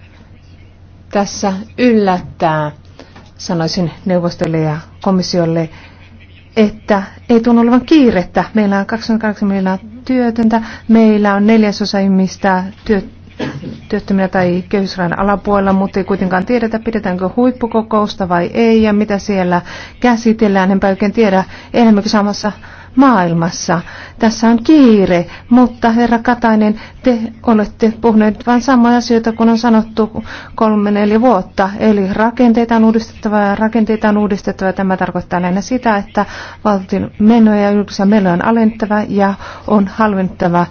tässä yllättää, sanoisin neuvostolle ja komissiolle, että ei tunnu olevan kiirettä. Meillä on 28 miljoonaa työtöntä, meillä on neljäsosa ihmistä työ, työttömiä tai kehysrajan alapuolella, mutta ei kuitenkaan tiedetä, pidetäänkö huippukokousta vai ei ja mitä siellä käsitellään. Enpä oikein tiedä, elämmekö samassa maailmassa. Tässä on kiire, mutta herra Katainen, te olette puhuneet vain samoja asioita kuin on sanottu kolme neljä vuotta. Eli rakenteita on uudistettava ja rakenteita on uudistettava. Tämä tarkoittaa lähinnä sitä, että valtion menoja ja julkisia menoja on alentava ja on halventava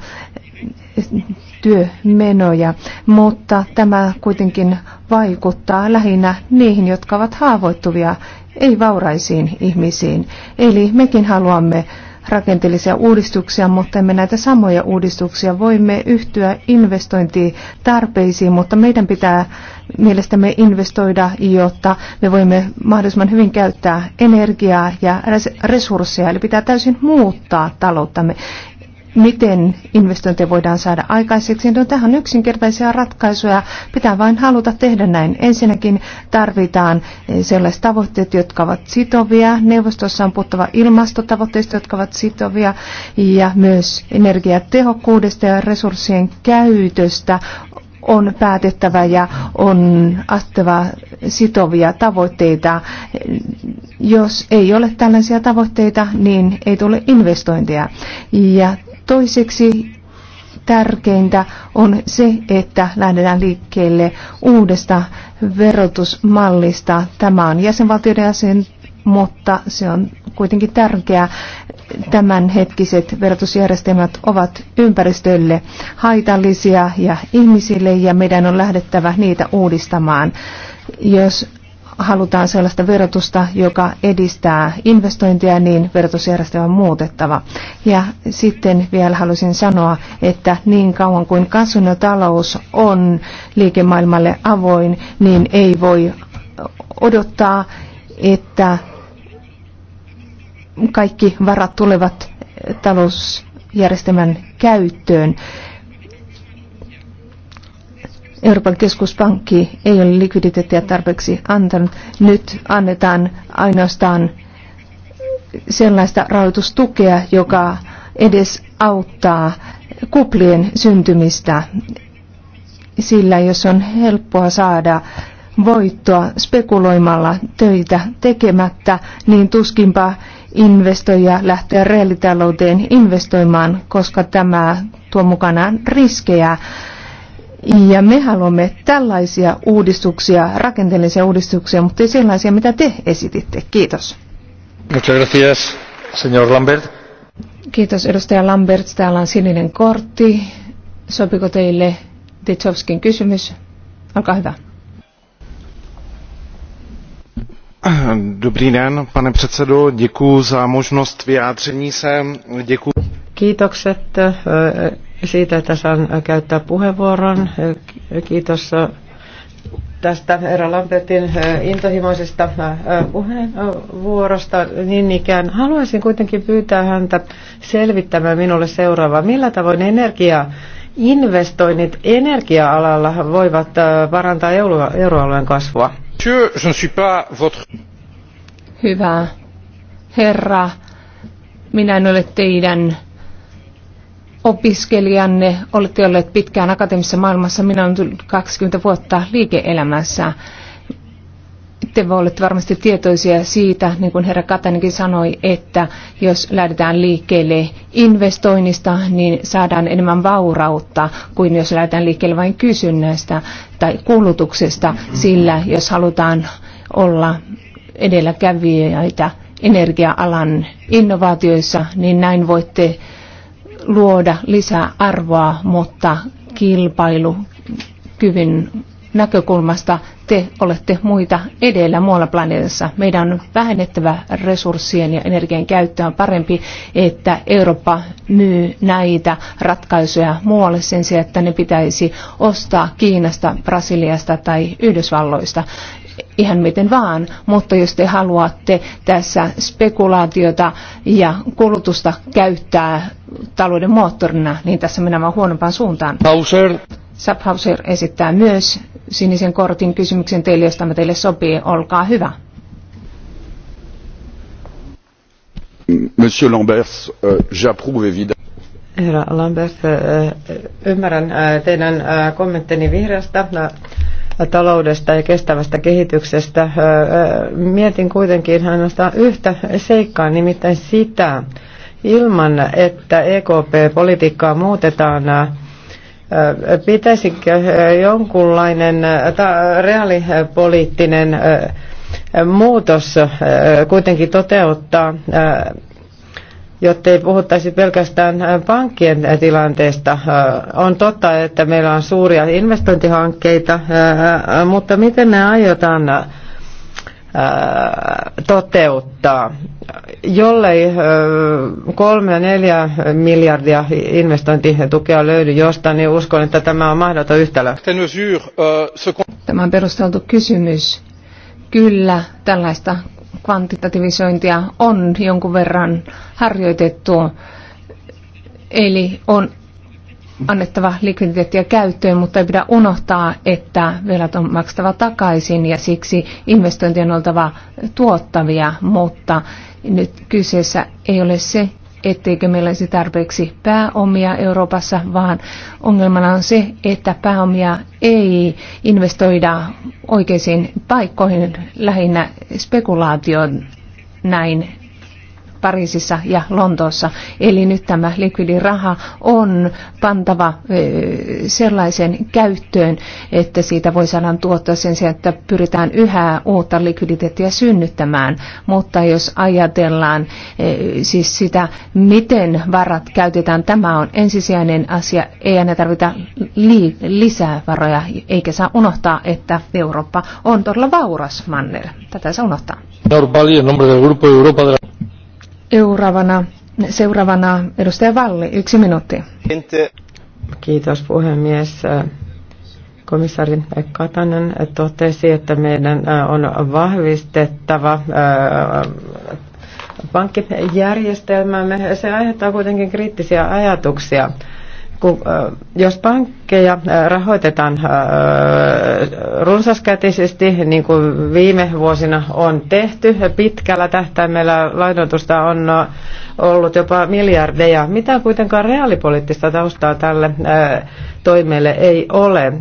työmenoja, mutta tämä kuitenkin vaikuttaa lähinnä niihin, jotka ovat haavoittuvia, ei vauraisiin ihmisiin. Eli mekin haluamme rakenteellisia uudistuksia, mutta emme näitä samoja uudistuksia. Voimme yhtyä investointitarpeisiin, mutta meidän pitää mielestämme investoida, jotta me voimme mahdollisimman hyvin käyttää energiaa ja resursseja. Eli pitää täysin muuttaa talouttamme miten investointeja voidaan saada aikaiseksi. No, tähän on yksinkertaisia ratkaisuja. Pitää vain haluta tehdä näin. Ensinnäkin tarvitaan eh, sellaiset tavoitteet, jotka ovat sitovia. Neuvostossa on puhuttava ilmastotavoitteista, jotka ovat sitovia. Ja myös energiatehokkuudesta ja resurssien käytöstä on päätettävä ja on astava sitovia tavoitteita. Jos ei ole tällaisia tavoitteita, niin ei tule investointeja. Ja Toiseksi tärkeintä on se, että lähdetään liikkeelle uudesta verotusmallista. Tämä on jäsenvaltioiden asia, mutta se on kuitenkin tärkeää. Tämänhetkiset verotusjärjestelmät ovat ympäristölle haitallisia ja ihmisille ja meidän on lähdettävä niitä uudistamaan. Jos halutaan sellaista verotusta, joka edistää investointia, niin verotusjärjestelmä on muutettava. Ja sitten vielä halusin sanoa, että niin kauan kuin kasvunotalous on liikemaailmalle avoin, niin ei voi odottaa, että kaikki varat tulevat talousjärjestelmän käyttöön. Euroopan keskuspankki ei ole likviditeettiä tarpeeksi antanut. Nyt annetaan ainoastaan sellaista rahoitustukea, joka edes auttaa kuplien syntymistä. Sillä jos on helppoa saada voittoa spekuloimalla töitä tekemättä, niin tuskinpa investoija lähtee reaalitalouteen investoimaan, koska tämä tuo mukanaan riskejä ja me haluamme tällaisia uudistuksia, rakenteellisia uudistuksia, mutta ei sellaisia, mitä te esititte. Kiitos. Muchas gracias, señor Lambert. Kiitos, edustaja Lambert. Täällä on sininen kortti. Sopiko teille Ditsovskin kysymys? Olkaa hyvä. Dobrý den, pane předsedo, děkuji za možnost vyjádření se. Děkuji. Kiitokset siitä, että saan käyttää puheenvuoron. Kiitos tästä Eero Lampertin intohimoisesta puheenvuorosta niin ikään. Haluaisin kuitenkin pyytää häntä selvittämään minulle seuraavaa. Millä tavoin energia investoinnit energia-alalla voivat parantaa euroalueen kasvua? Hyvä herra, minä en ole teidän opiskelijanne, olette olleet pitkään akateemisessa maailmassa, minä olen tullut 20 vuotta liike-elämässä. Te olette varmasti tietoisia siitä, niin kuin herra Katanikin sanoi, että jos lähdetään liikkeelle investoinnista, niin saadaan enemmän vaurautta kuin jos lähdetään liikkeelle vain kysynnästä tai kulutuksesta, sillä jos halutaan olla edelläkävijöitä energia-alan innovaatioissa, niin näin voitte luoda lisää arvoa, mutta kilpailukyvyn näkökulmasta te olette muita edellä muualla planeetassa. Meidän on vähennettävä resurssien ja energian käyttöä on parempi, että Eurooppa myy näitä ratkaisuja muualle sen sijaan, että ne pitäisi ostaa Kiinasta, Brasiliasta tai Yhdysvalloista ihan miten vaan, mutta jos te haluatte tässä spekulaatiota ja kulutusta käyttää talouden moottorina, niin tässä mennään vaan huonompaan suuntaan. Bowser. Saphauser esittää myös sinisen kortin kysymyksen teille, jos tämä teille sopii. Olkaa hyvä. Monsieur Lambert, euh, j'approuve évidemment. Herra Lambert, äh, ymmärrän äh, teidän äh, kommenttini vihreästä taloudesta ja kestävästä kehityksestä. Mietin kuitenkin ainoastaan yhtä seikkaa, nimittäin sitä, ilman että EKP-politiikkaa muutetaan Pitäisikö jonkunlainen reaalipoliittinen muutos kuitenkin toteuttaa, jotta ei puhuttaisi pelkästään pankkien tilanteesta. On totta, että meillä on suuria investointihankkeita, mutta miten ne aiotaan toteuttaa. Jollei kolme neljä miljardia investointitukea löydy jostain, niin uskon, että tämä on mahdoton yhtälö. Tämä on perusteltu kysymys. Kyllä, tällaista kvantitativisointia on jonkun verran harjoitettu. Eli on annettava likviditeettiä käyttöön, mutta ei pidä unohtaa, että velat on maksettava takaisin ja siksi investointien on oltava tuottavia, mutta nyt kyseessä ei ole se, etteikö meillä olisi tarpeeksi pääomia Euroopassa, vaan ongelmana on se, että pääomia ei investoida oikeisiin paikkoihin, lähinnä spekulaatioon näin Pariisissa ja Lontoossa. Eli nyt tämä likvidiraha on pantava sellaisen käyttöön, että siitä voi saada tuottaa sen sijaan, että pyritään yhä uutta likviditeettiä synnyttämään. Mutta jos ajatellaan siis sitä, miten varat käytetään, tämä on ensisijainen asia. Ei aina tarvita lisää varoja, eikä saa unohtaa, että Eurooppa on todella vauras manner. Tätä saa unohtaa. Seuraavana, seuraavana edustaja Valli, yksi minuutti. Kiitos puhemies. Komissaari Katanen totesi, että meidän on vahvistettava pankkijärjestelmämme. Se aiheuttaa kuitenkin kriittisiä ajatuksia kun, jos pankkeja rahoitetaan runsaskätisesti, niin kuin viime vuosina on tehty, pitkällä tähtäimellä lainoitusta on ollut jopa miljardeja. Mitä kuitenkaan reaalipoliittista taustaa tälle toimelle ei ole.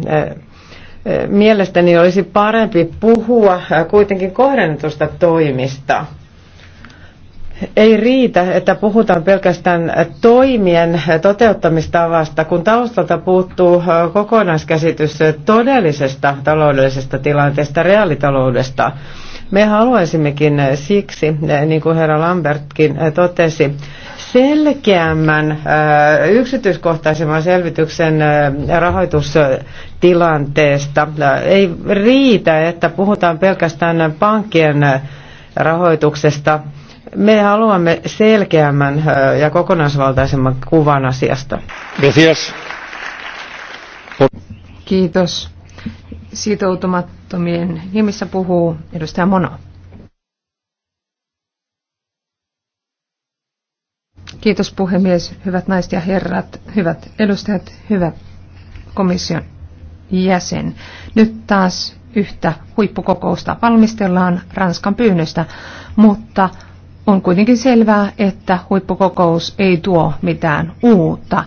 Mielestäni olisi parempi puhua kuitenkin kohdennetusta toimista ei riitä, että puhutaan pelkästään toimien toteuttamistavasta, kun taustalta puuttuu kokonaiskäsitys todellisesta taloudellisesta tilanteesta, reaalitaloudesta. Me haluaisimmekin siksi, e, niin kuin herra Lambertkin totesi, selkeämmän, yksityiskohtaisemman selvityksen rahoitustilanteesta. Ei riitä, että puhutaan pelkästään pankkien rahoituksesta – me haluamme selkeämmän ja kokonaisvaltaisemman kuvan asiasta. Gracias. Kiitos. Sitoutumattomien nimissä puhuu edustaja Mono. Kiitos puhemies, hyvät naiset ja herrat, hyvät edustajat, hyvä komission jäsen. Nyt taas yhtä huippukokousta valmistellaan Ranskan pyynnöstä, mutta on kuitenkin selvää, että huippukokous ei tuo mitään uutta.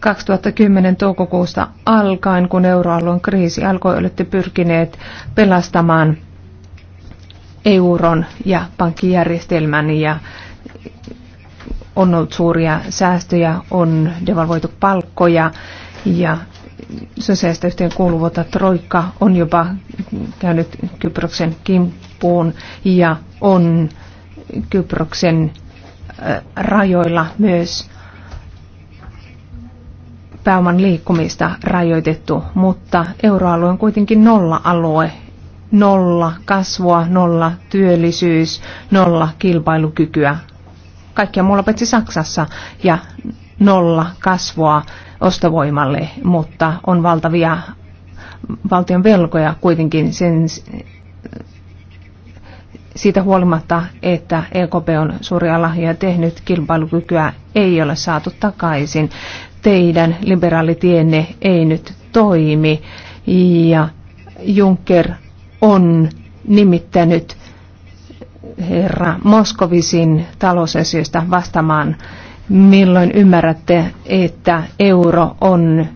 2010 toukokuusta alkaen, kun euroalueen kriisi alkoi, olette pyrkineet pelastamaan euron ja pankkijärjestelmän ja on ollut suuria säästöjä, on devalvoitu palkkoja ja sosiaalista yhteenkuuluvuutta Troikka on jopa käynyt Kyproksen kimppuun ja on Kyproksen rajoilla myös pääoman liikkumista rajoitettu, mutta euroalue on kuitenkin nolla-alue. Nolla kasvua, nolla työllisyys, nolla kilpailukykyä. Kaikkia muulla paitsi Saksassa ja nolla kasvua ostovoimalle, mutta on valtavia valtion velkoja kuitenkin sen siitä huolimatta, että EKP on suuria ja tehnyt, kilpailukykyä ei ole saatu takaisin. Teidän liberaalitienne ei nyt toimi ja Juncker on nimittänyt herra Moskovisin talousasioista vastaamaan Milloin ymmärrätte, että euro on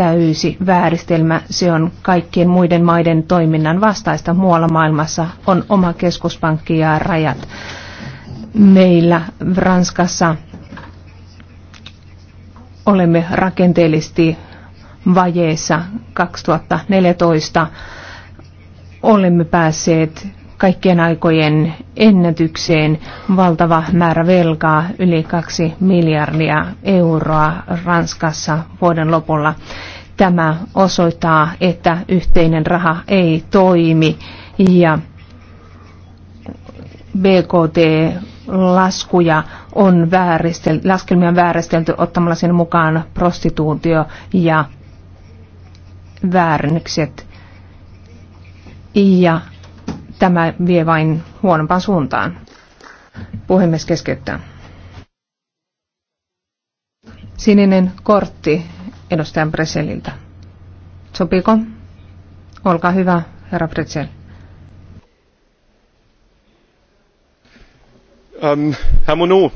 täysi vääristelmä. Se on kaikkien muiden maiden toiminnan vastaista. Muualla maailmassa on oma keskuspankki ja rajat. Meillä Ranskassa olemme rakenteellisesti vajeessa 2014. Olemme päässeet kaikkien aikojen ennätykseen valtava määrä velkaa, yli kaksi miljardia euroa Ranskassa vuoden lopulla. Tämä osoittaa, että yhteinen raha ei toimi ja BKT-laskuja on vääristel, laskelmia on vääristelty ottamalla sen mukaan prostituutio ja väärennykset. Ja tämä vie vain huonompaan suuntaan. Puhemies keskeyttää. Sininen kortti edustajan Breseliltä. Sopiiko? Olkaa hyvä, herra Bresel. Um, herra Monod,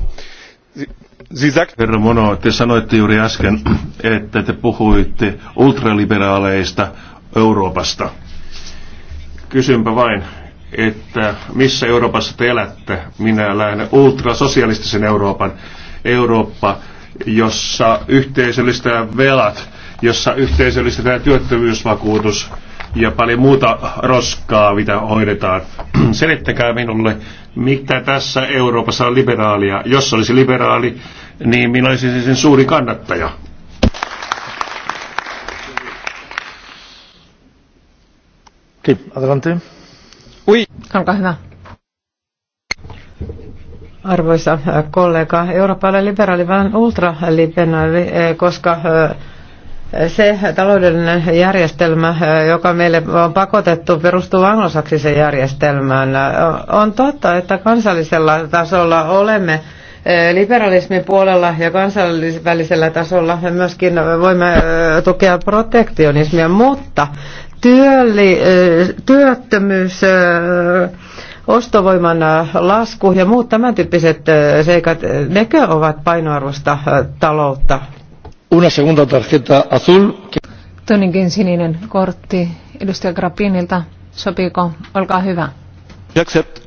Herra Mono, te sanoitte juuri äsken, että te puhuitte ultraliberaaleista Euroopasta. Kysynpä vain, että missä Euroopassa te elätte. Minä lähden ultrasosialistisen Euroopan. Eurooppa, jossa yhteisöllistetään velat, jossa yhteisöllistetään työttömyysvakuutus ja paljon muuta roskaa, mitä hoidetaan. *clears throat* Selittäkää minulle, mitä tässä Euroopassa on liberaalia. Jos olisi liberaali, niin minä olisin sen suuri kannattaja. Okay, adelante. Ui. Olkaa hyvä. Arvoisa äh, kollega, eurooppalainen liberaali vaan ultraliberaali, äh, koska äh, se taloudellinen järjestelmä, joka meille on pakotettu, perustuu anglosaksisen järjestelmään. On totta, että kansallisella tasolla olemme liberalismin puolella ja kansallisvälisellä tasolla myöskin voimme tukea protektionismia, mutta työli, työttömyys, ostovoiman lasku ja muut tämän tyyppiset seikat, nekö ovat painoarvosta taloutta? Una segunda tarjeta azul. Toninkin sininen kortti edustaja Grappinilta. Sopiiko? Olkaa hyvä. Accept.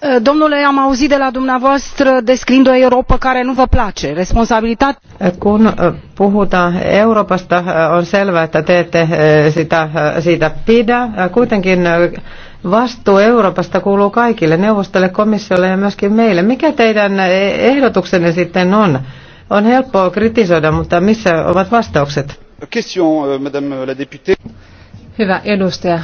Eh, domnule am auzit de la dumneavoastră descriind o Euroopă care nu vă place. Responsabilitate. Eh, kun eh, puhutaan Euroopasta, on selvää, että te ette sitä, siitä pidä. Kuitenkin vastuu Euroopasta kuuluu kaikille, neuvostolle, komissiolle ja myöskin meille. Mikä teidän ehdotuksenne sitten on? On helppoa kritisoida, mutta missä ovat vastaukset? Question, euh, madame la députée. Hyvä edustaja,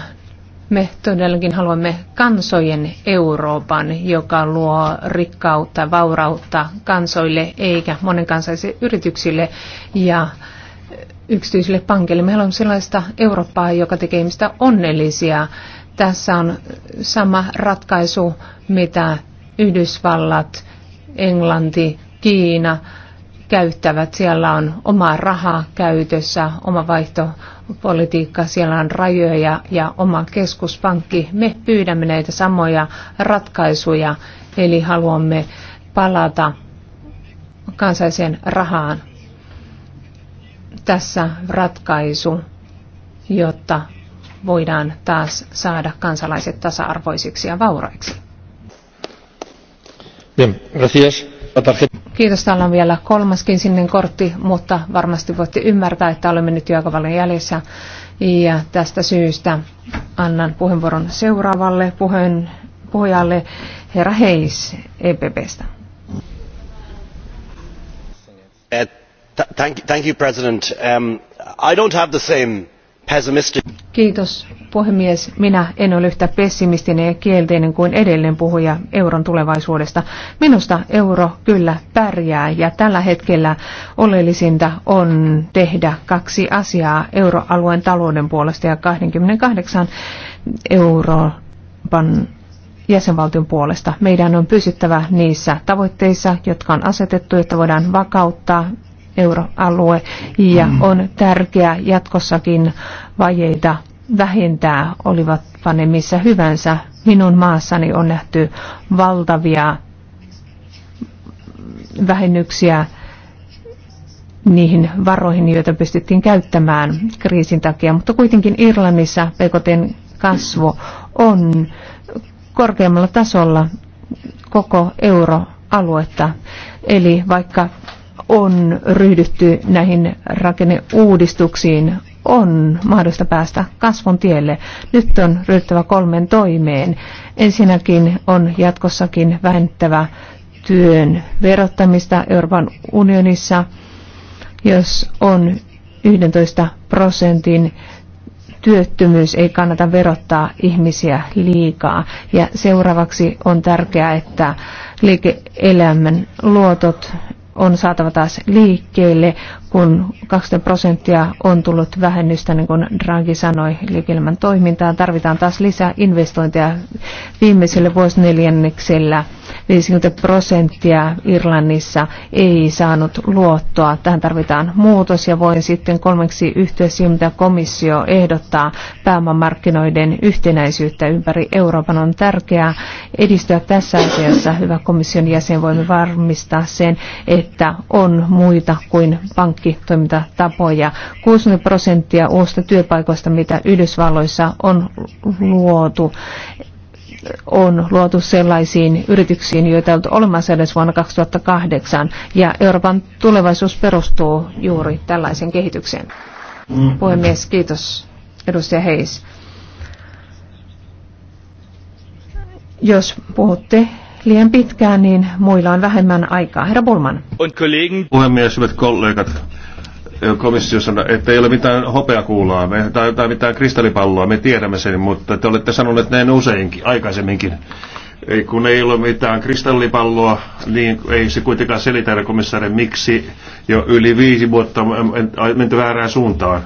me todellakin haluamme kansojen Euroopan, joka luo rikkautta, vaurautta kansoille eikä monenkansaisille yrityksille ja yksityisille pankeille. Me haluamme sellaista Eurooppaa, joka tekee ihmistä onnellisia. Tässä on sama ratkaisu, mitä Yhdysvallat, Englanti, Kiina, käyttävät. Siellä on oma raha käytössä, oma vaihtopolitiikka, siellä on rajoja ja oma keskuspankki. Me pyydämme näitä samoja ratkaisuja, eli haluamme palata kansalliseen rahaan. Tässä ratkaisu, jotta voidaan taas saada kansalaiset tasa-arvoisiksi ja vauraiksi. Bien, gracias. Kiitos, täällä on vielä kolmaskin sinne kortti, mutta varmasti voitte ymmärtää, että olemme nyt jo aika paljon jäljessä. Ja tästä syystä annan puheenvuoron seuraavalle puheen, puhujalle, herra Heis EPPstä. Eh, thank, you, President. Um, I don't have the same Kiitos puhemies. Minä en ole yhtä pessimistinen ja kielteinen kuin edellinen puhuja euron tulevaisuudesta. Minusta euro kyllä pärjää ja tällä hetkellä oleellisinta on tehdä kaksi asiaa euroalueen talouden puolesta ja 28 Euroopan jäsenvaltion puolesta. Meidän on pysyttävä niissä tavoitteissa, jotka on asetettu, että voidaan vakauttaa euroalue ja mm. on tärkeää jatkossakin vajeita vähentää, olivat ne missä hyvänsä. Minun maassani on nähty valtavia vähennyksiä niihin varoihin, joita pystyttiin käyttämään kriisin takia. Mutta kuitenkin Irlannissa pekoten kasvu on korkeammalla tasolla koko euroaluetta. Eli vaikka on ryhdytty näihin rakenneuudistuksiin, on mahdollista päästä kasvun tielle. Nyt on ryhdyttävä kolmen toimeen. Ensinnäkin on jatkossakin vähentävä työn verottamista Euroopan unionissa, jos on 11 prosentin työttömyys ei kannata verottaa ihmisiä liikaa. Ja seuraavaksi on tärkeää, että liike-elämän luotot on saatava taas liikkeelle kun 20 prosenttia on tullut vähennystä, niin kuin Draghi sanoi, liikelmän toimintaan. Tarvitaan taas lisää investointeja viimeisellä vuosineljänneksellä. 50 prosenttia Irlannissa ei saanut luottoa. Tähän tarvitaan muutos ja voin sitten kolmeksi yhtyä siihen, mitä komissio ehdottaa pääomamarkkinoiden yhtenäisyyttä ympäri Euroopan. On tärkeää edistyä tässä asiassa. Hyvä komission jäsen, voimme varmistaa sen, että on muita kuin pankki riskitoimintatapoja. 60 prosenttia uusista työpaikoista, mitä Yhdysvalloissa on luotu, on luotu sellaisiin yrityksiin, joita on ollut olemassa edes vuonna 2008, ja Euroopan tulevaisuus perustuu juuri tällaisen kehitykseen. Puhemies, kiitos edustaja Heis. Jos puhutte liian pitkään, niin muilla on vähemmän aikaa. Herra Bulman. Puhemies, hyvät kollegat komissiossa, että ei ole mitään hopeakuulaa me, tai, tai mitään kristallipalloa, me tiedämme sen, mutta te olette sanoneet näin useinkin, aikaisemminkin. Ei, kun ei ole mitään kristallipalloa, niin ei se kuitenkaan selitä, herra komissaari, miksi jo yli viisi vuotta on menty väärään suuntaan.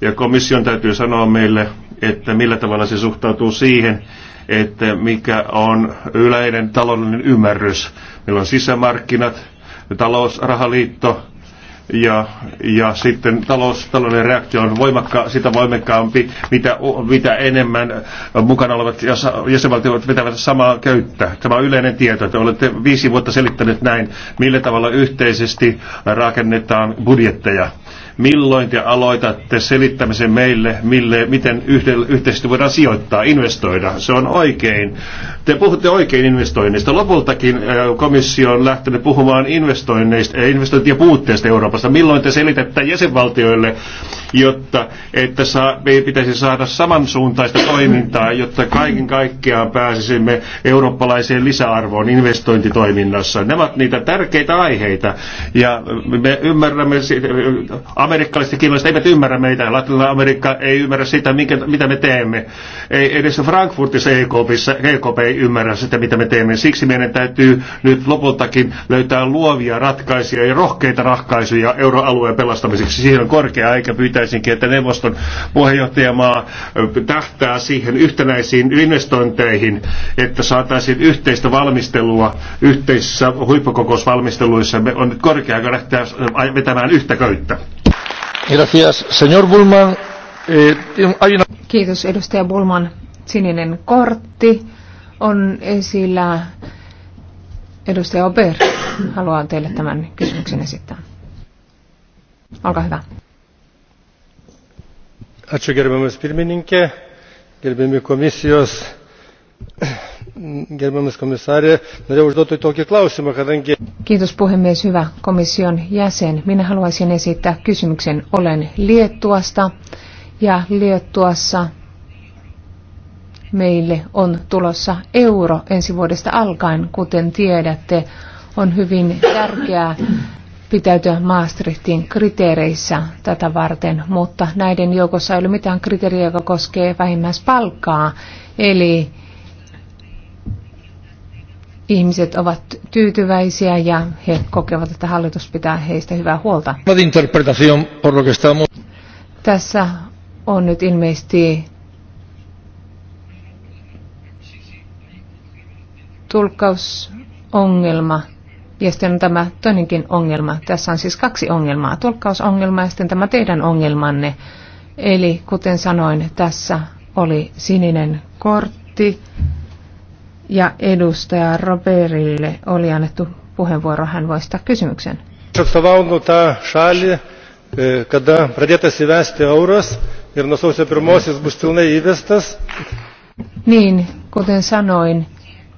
Ja komission täytyy sanoa meille, että millä tavalla se suhtautuu siihen, että mikä on yleinen taloudellinen ymmärrys. Meillä on sisämarkkinat, talousrahaliitto ja, ja sitten talous, taloudellinen reaktio on voimakka, sitä voimakkaampi, mitä, mitä enemmän mukana olevat jäsenvaltiot vetävät samaa köyttä. Tämä on yleinen tieto, että olette viisi vuotta selittäneet näin, millä tavalla yhteisesti rakennetaan budjetteja Milloin te aloitatte selittämisen meille, mille, miten yhteisesti voidaan sijoittaa, investoida? Se on oikein. Te puhutte oikein investoinnista. Lopultakin komissio on lähtenyt puhumaan investoinneista, investointien puutteesta Euroopassa. Milloin te selitätte jäsenvaltioille, jotta että saa, me pitäisi saada samansuuntaista toimintaa, jotta kaiken kaikkiaan pääsisimme eurooppalaiseen lisäarvoon investointitoiminnassa? Nämä ovat niitä tärkeitä aiheita. Ja me ymmärrämme Amerikkalaiset ja kiinalaiset eivät ymmärrä meitä. Latinalainen Amerikka ei ymmärrä sitä, minkä, mitä me teemme. Ei edes Frankfurtissa EKPissä, EKP ei ymmärrä sitä, mitä me teemme. Siksi meidän täytyy nyt lopultakin löytää luovia ratkaisuja ja rohkeita ratkaisuja euroalueen pelastamiseksi. Siihen on korkea aika. Pyytäisinkin, että neuvoston puheenjohtajamaa tähtää siihen yhtenäisiin investointeihin, että saataisiin yhteistä valmistelua yhteisissä huippukokousvalmisteluissa. Me on nyt korkea aika lähteä vetämään yhtä köyttä. Gracias, señor Bulman. Eh, Kiitos edustaja Bulman. Sininen kortti on esillä. Edustaja Ober haluaa teille tämän kysymyksen esittää. Olkaa hyvä. Ačiū gerbiamas pirmininkė, gerbiami komisijos Gerbiamas komissaari, norėjau užduoti tokį klausimą, kadangi... Kiitos puhemies, hyvä komission jäsen. Minä haluaisin esittää kysymyksen. Olen Liettuasta ja Liettuassa meille on tulossa euro ensi vuodesta alkaen, kuten tiedätte. On hyvin tärkeää pitäytyä Maastrichtin kriteereissä tätä varten, mutta näiden joukossa ei ole mitään kriteeriä, joka koskee vähimmäispalkkaa. Eli ihmiset ovat tyytyväisiä ja he kokevat, että hallitus pitää heistä hyvää huolta. Tässä on nyt ilmeisesti tulkkausongelma ja sitten on tämä toinenkin ongelma. Tässä on siis kaksi ongelmaa, tulkkausongelma ja sitten tämä teidän ongelmanne. Eli kuten sanoin, tässä oli sininen kortti ja edustaja Roberille oli annettu puheenvuoro. Hän voi sitä kysymyksen. E, niin, kuten sanoin,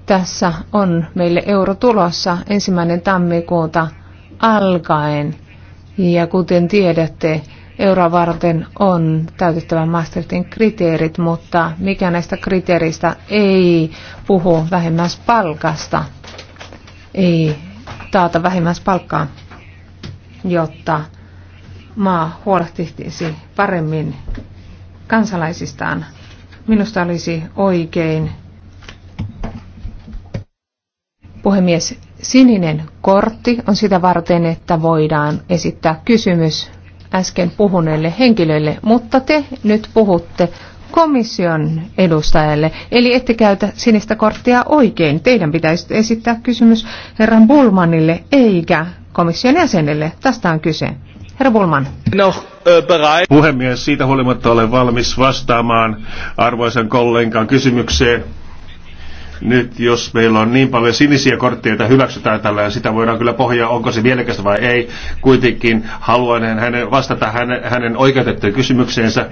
tässä on meille euro tulossa ensimmäinen tammikuuta alkaen. Ja kuten tiedätte, euroa varten on täytettävä Maastrichtin kriteerit, mutta mikä näistä kriteeristä ei puhu vähimmäispalkasta, ei taata vähimmäispalkkaa, jotta maa huolehtisi paremmin kansalaisistaan. Minusta olisi oikein. Puhemies, sininen kortti on sitä varten, että voidaan esittää kysymys äsken puhuneille henkilöille, mutta te nyt puhutte komission edustajalle. Eli ette käytä sinistä korttia oikein. Teidän pitäisi esittää kysymys herran Bulmanille eikä komission jäsenelle. Tästä on kyse. Herra Bulman. No, äh, Puhemies, siitä huolimatta olen valmis vastaamaan arvoisen kollegan kysymykseen nyt jos meillä on niin paljon sinisiä kortteja, joita hyväksytään tällä ja sitä voidaan kyllä pohjaa, onko se mielekästä vai ei. Kuitenkin haluan hänen vastata hänen, hänen oikeutettuun kysymykseensä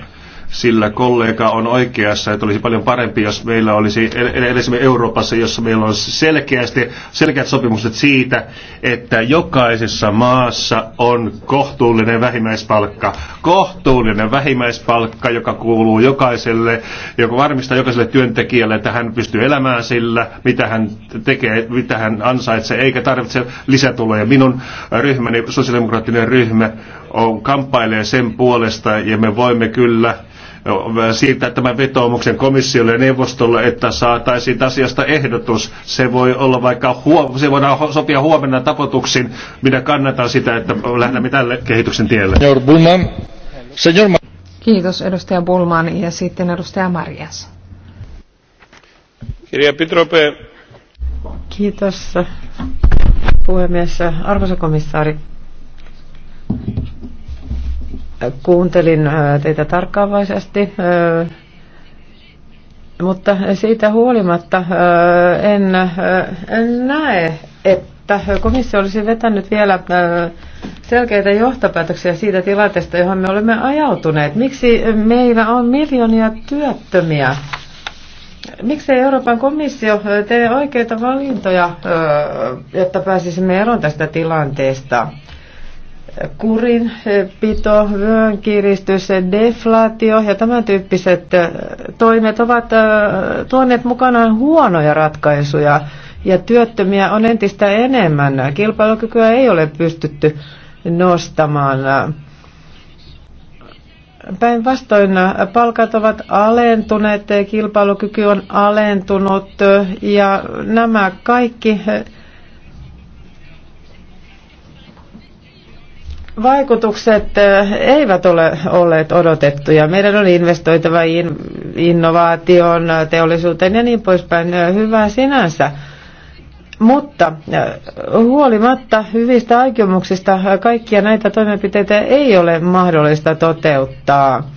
sillä kollega on oikeassa, että olisi paljon parempi, jos meillä olisi esimerkiksi Euroopassa, jossa meillä on selkeästi, selkeät sopimukset siitä, että jokaisessa maassa on kohtuullinen vähimmäispalkka. Kohtuullinen vähimmäispalkka, joka kuuluu jokaiselle, joka varmistaa jokaiselle työntekijälle, että hän pystyy elämään sillä, mitä hän tekee, mitä hän ansaitsee, eikä tarvitse lisätuloja. Minun ryhmäni, sosiaalidemokraattinen ryhmä, on, kamppailee sen puolesta ja me voimme kyllä siirtää tämän vetoomuksen komissiolle ja neuvostolle, että saataisiin asiasta ehdotus. Se voi olla vaikka huom- se voidaan sopia huomenna tapotuksin. Minä kannatan sitä, että lähdemme tälle kehityksen tielle. Kiitos edustaja Bulman ja sitten edustaja Marias. Kirja Pitrope. Kiitos puhemies. Arvoisa komissaari, Kuuntelin äh, teitä tarkkaavaisesti, äh, mutta siitä huolimatta äh, en, en näe, että komissio olisi vetänyt vielä selkeitä johtopäätöksiä siitä tilanteesta, johon me olemme ajautuneet. Miksi meillä on miljoonia työttömiä? Miksi Euroopan komissio tee oikeita valintoja, jotta pääsisimme eroon tästä tilanteesta? kurinpito, vyönkiristys, deflaatio ja tämän tyyppiset toimet ovat tuoneet mukanaan huonoja ratkaisuja ja työttömiä on entistä enemmän. Kilpailukykyä ei ole pystytty nostamaan. Päinvastoin palkat ovat alentuneet, kilpailukyky on alentunut ja nämä kaikki Vaikutukset eivät ole olleet odotettuja. Meidän on investoitava in, innovaation, teollisuuteen ja niin poispäin. Hyvää sinänsä. Mutta huolimatta hyvistä aikomuksista kaikkia näitä toimenpiteitä ei ole mahdollista toteuttaa.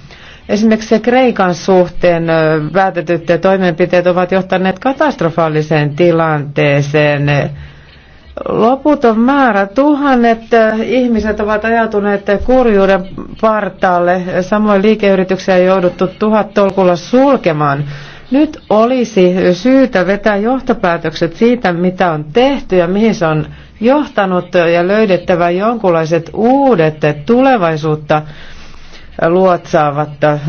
Esimerkiksi Kreikan suhteen päätetyt toimenpiteet ovat johtaneet katastrofaaliseen tilanteeseen Loputon määrä, tuhannet eh, ihmiset ovat ajatuneet kurjuuden partaalle. Samoin liikeyrityksiä on jouduttu tuhat tolkulla sulkemaan. Nyt olisi syytä vetää johtopäätökset siitä, mitä on tehty ja mihin se on johtanut ja löydettävä jonkunlaiset uudet tulevaisuutta luotsaavat äh,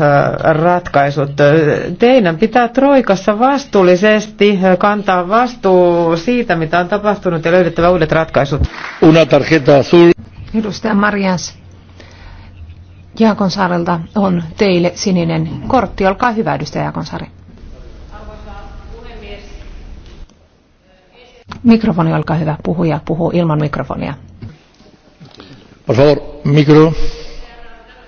ratkaisut. Teidän pitää Troikassa vastuullisesti kantaa vastuu siitä, mitä on tapahtunut ja löydettävä uudet ratkaisut. Una tarjeta azul. Edustaja Jaakon saarelta on teille sininen kortti. Olkaa hyvä, edustaja saari. Mikrofoni, olkaa hyvä. Puhuja puhuu ilman mikrofonia. Por favor, micro.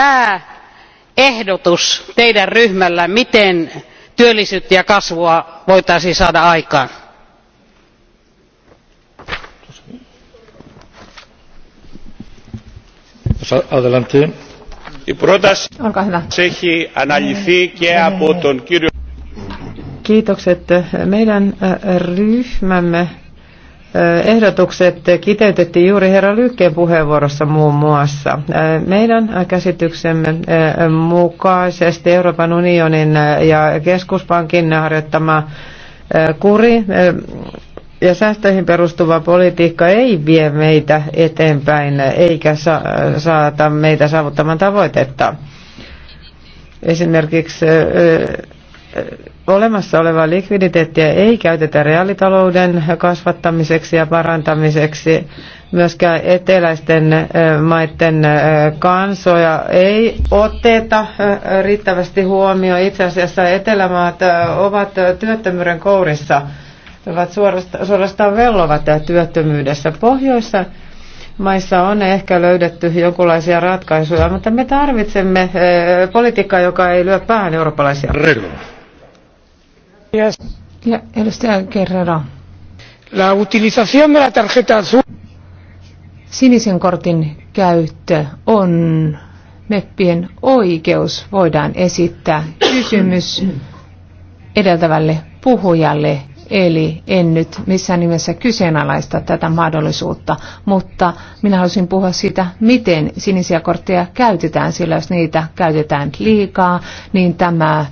pääehdotus teidän ryhmällä miten työllisyyttä ja kasvua voitaisiin saada aikaan? Η πρόταση έχει αναλυθεί και από τον κύριο Kiitokset. Meidän ryhmämme ehdotukset kiteytettiin juuri herra Lykkeen puheenvuorossa muun muassa. Meidän käsityksemme mukaisesti Euroopan unionin ja keskuspankin harjoittama kuri ja säästöihin perustuva politiikka ei vie meitä eteenpäin eikä saata meitä saavuttamaan tavoitetta. Esimerkiksi olemassa olevaa likviditeettiä ei käytetä reaalitalouden kasvattamiseksi ja parantamiseksi. Myöskään eteläisten maiden kansoja ei oteta riittävästi huomioon. Itse asiassa etelämaat ovat työttömyyden kourissa, ovat suorastaan, suorastaan vellovat työttömyydessä. Pohjoissa maissa on ehkä löydetty jonkinlaisia ratkaisuja, mutta me tarvitsemme politiikkaa, joka ei lyö päähän eurooppalaisia. Yes. Ja, edustaja Guerrero. La utilización de la tarjeta azul. Sinisen kortin käyttö on meppien oikeus. Voidaan esittää kysymys edeltävälle puhujalle, eli en nyt missään nimessä kyseenalaista tätä mahdollisuutta, mutta minä haluaisin puhua siitä, miten sinisiä kortteja käytetään, sillä jos niitä käytetään liikaa, niin tämä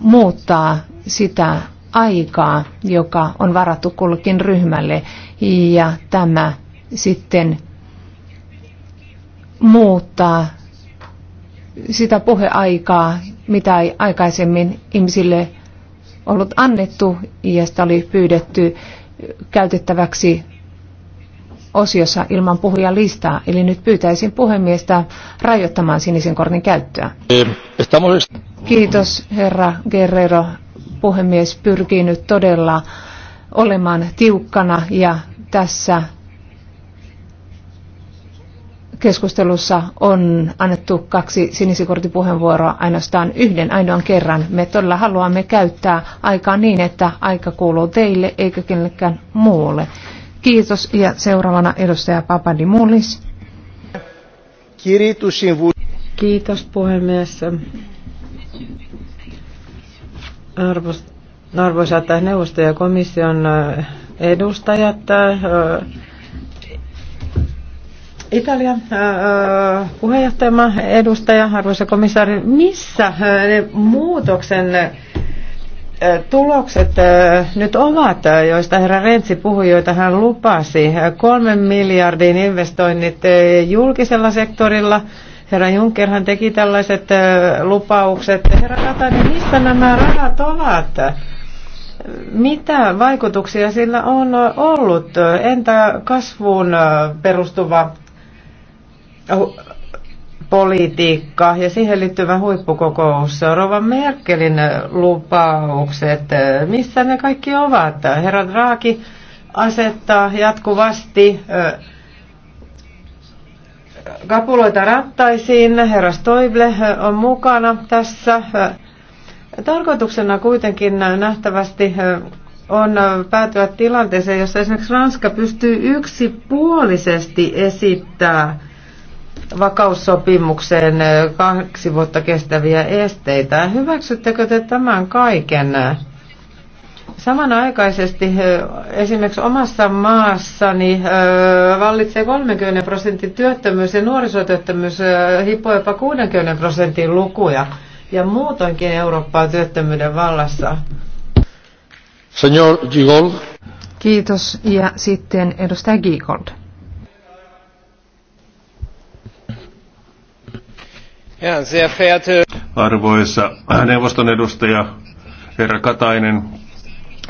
muuttaa sitä aikaa, joka on varattu kullekin ryhmälle. Ja tämä sitten muuttaa sitä puheaikaa, mitä ei aikaisemmin ihmisille ollut annettu ja sitä oli pyydetty käytettäväksi osiossa ilman puhujan listaa, eli nyt pyytäisin puhemiestä rajoittamaan sinisen kortin käyttöä. Kiitos herra Guerrero. Puhemies pyrkii nyt todella olemaan tiukkana ja tässä keskustelussa on annettu kaksi sinisikortipuheenvuoroa ainoastaan yhden ainoan kerran. Me todella haluamme käyttää aikaa niin, että aika kuuluu teille eikä kenellekään muulle. Kiitos ja seuraavana edustaja Papadimoulis. Kiitos puhemies. Arvoisat neuvosto- ja komission äh, edustajat, äh, Italian äh, puheenjohtajamaa edustaja, arvoisa komissaari, missä muutoksen tulokset nyt ovat, joista herra Rentsi puhui, joita hän lupasi. Kolmen miljardin investoinnit julkisella sektorilla. Herra Junckerhan teki tällaiset lupaukset. Herra Katainen, missä nämä rahat ovat? Mitä vaikutuksia sillä on ollut? Entä kasvuun perustuva politiikka ja siihen liittyvä huippukokous, Rova Merkelin lupaukset, missä ne kaikki ovat? Herra Draghi asettaa jatkuvasti kapuloita rattaisiin, herra Stoible on mukana tässä. Tarkoituksena kuitenkin nähtävästi on päätyä tilanteeseen, jossa esimerkiksi Ranska pystyy yksipuolisesti esittämään vakaussopimukseen kaksi vuotta kestäviä esteitä. Hyväksyttekö te tämän kaiken? Samanaikaisesti esimerkiksi omassa maassani vallitsee 30 prosentin työttömyys ja nuorisotyöttömyys hipoo jopa 60 prosentin lukuja. Ja muutoinkin on työttömyyden vallassa. Señor Gigol. Kiitos. Ja sitten edustaja Gigold. Arvoisa neuvoston edustaja, herra Katainen,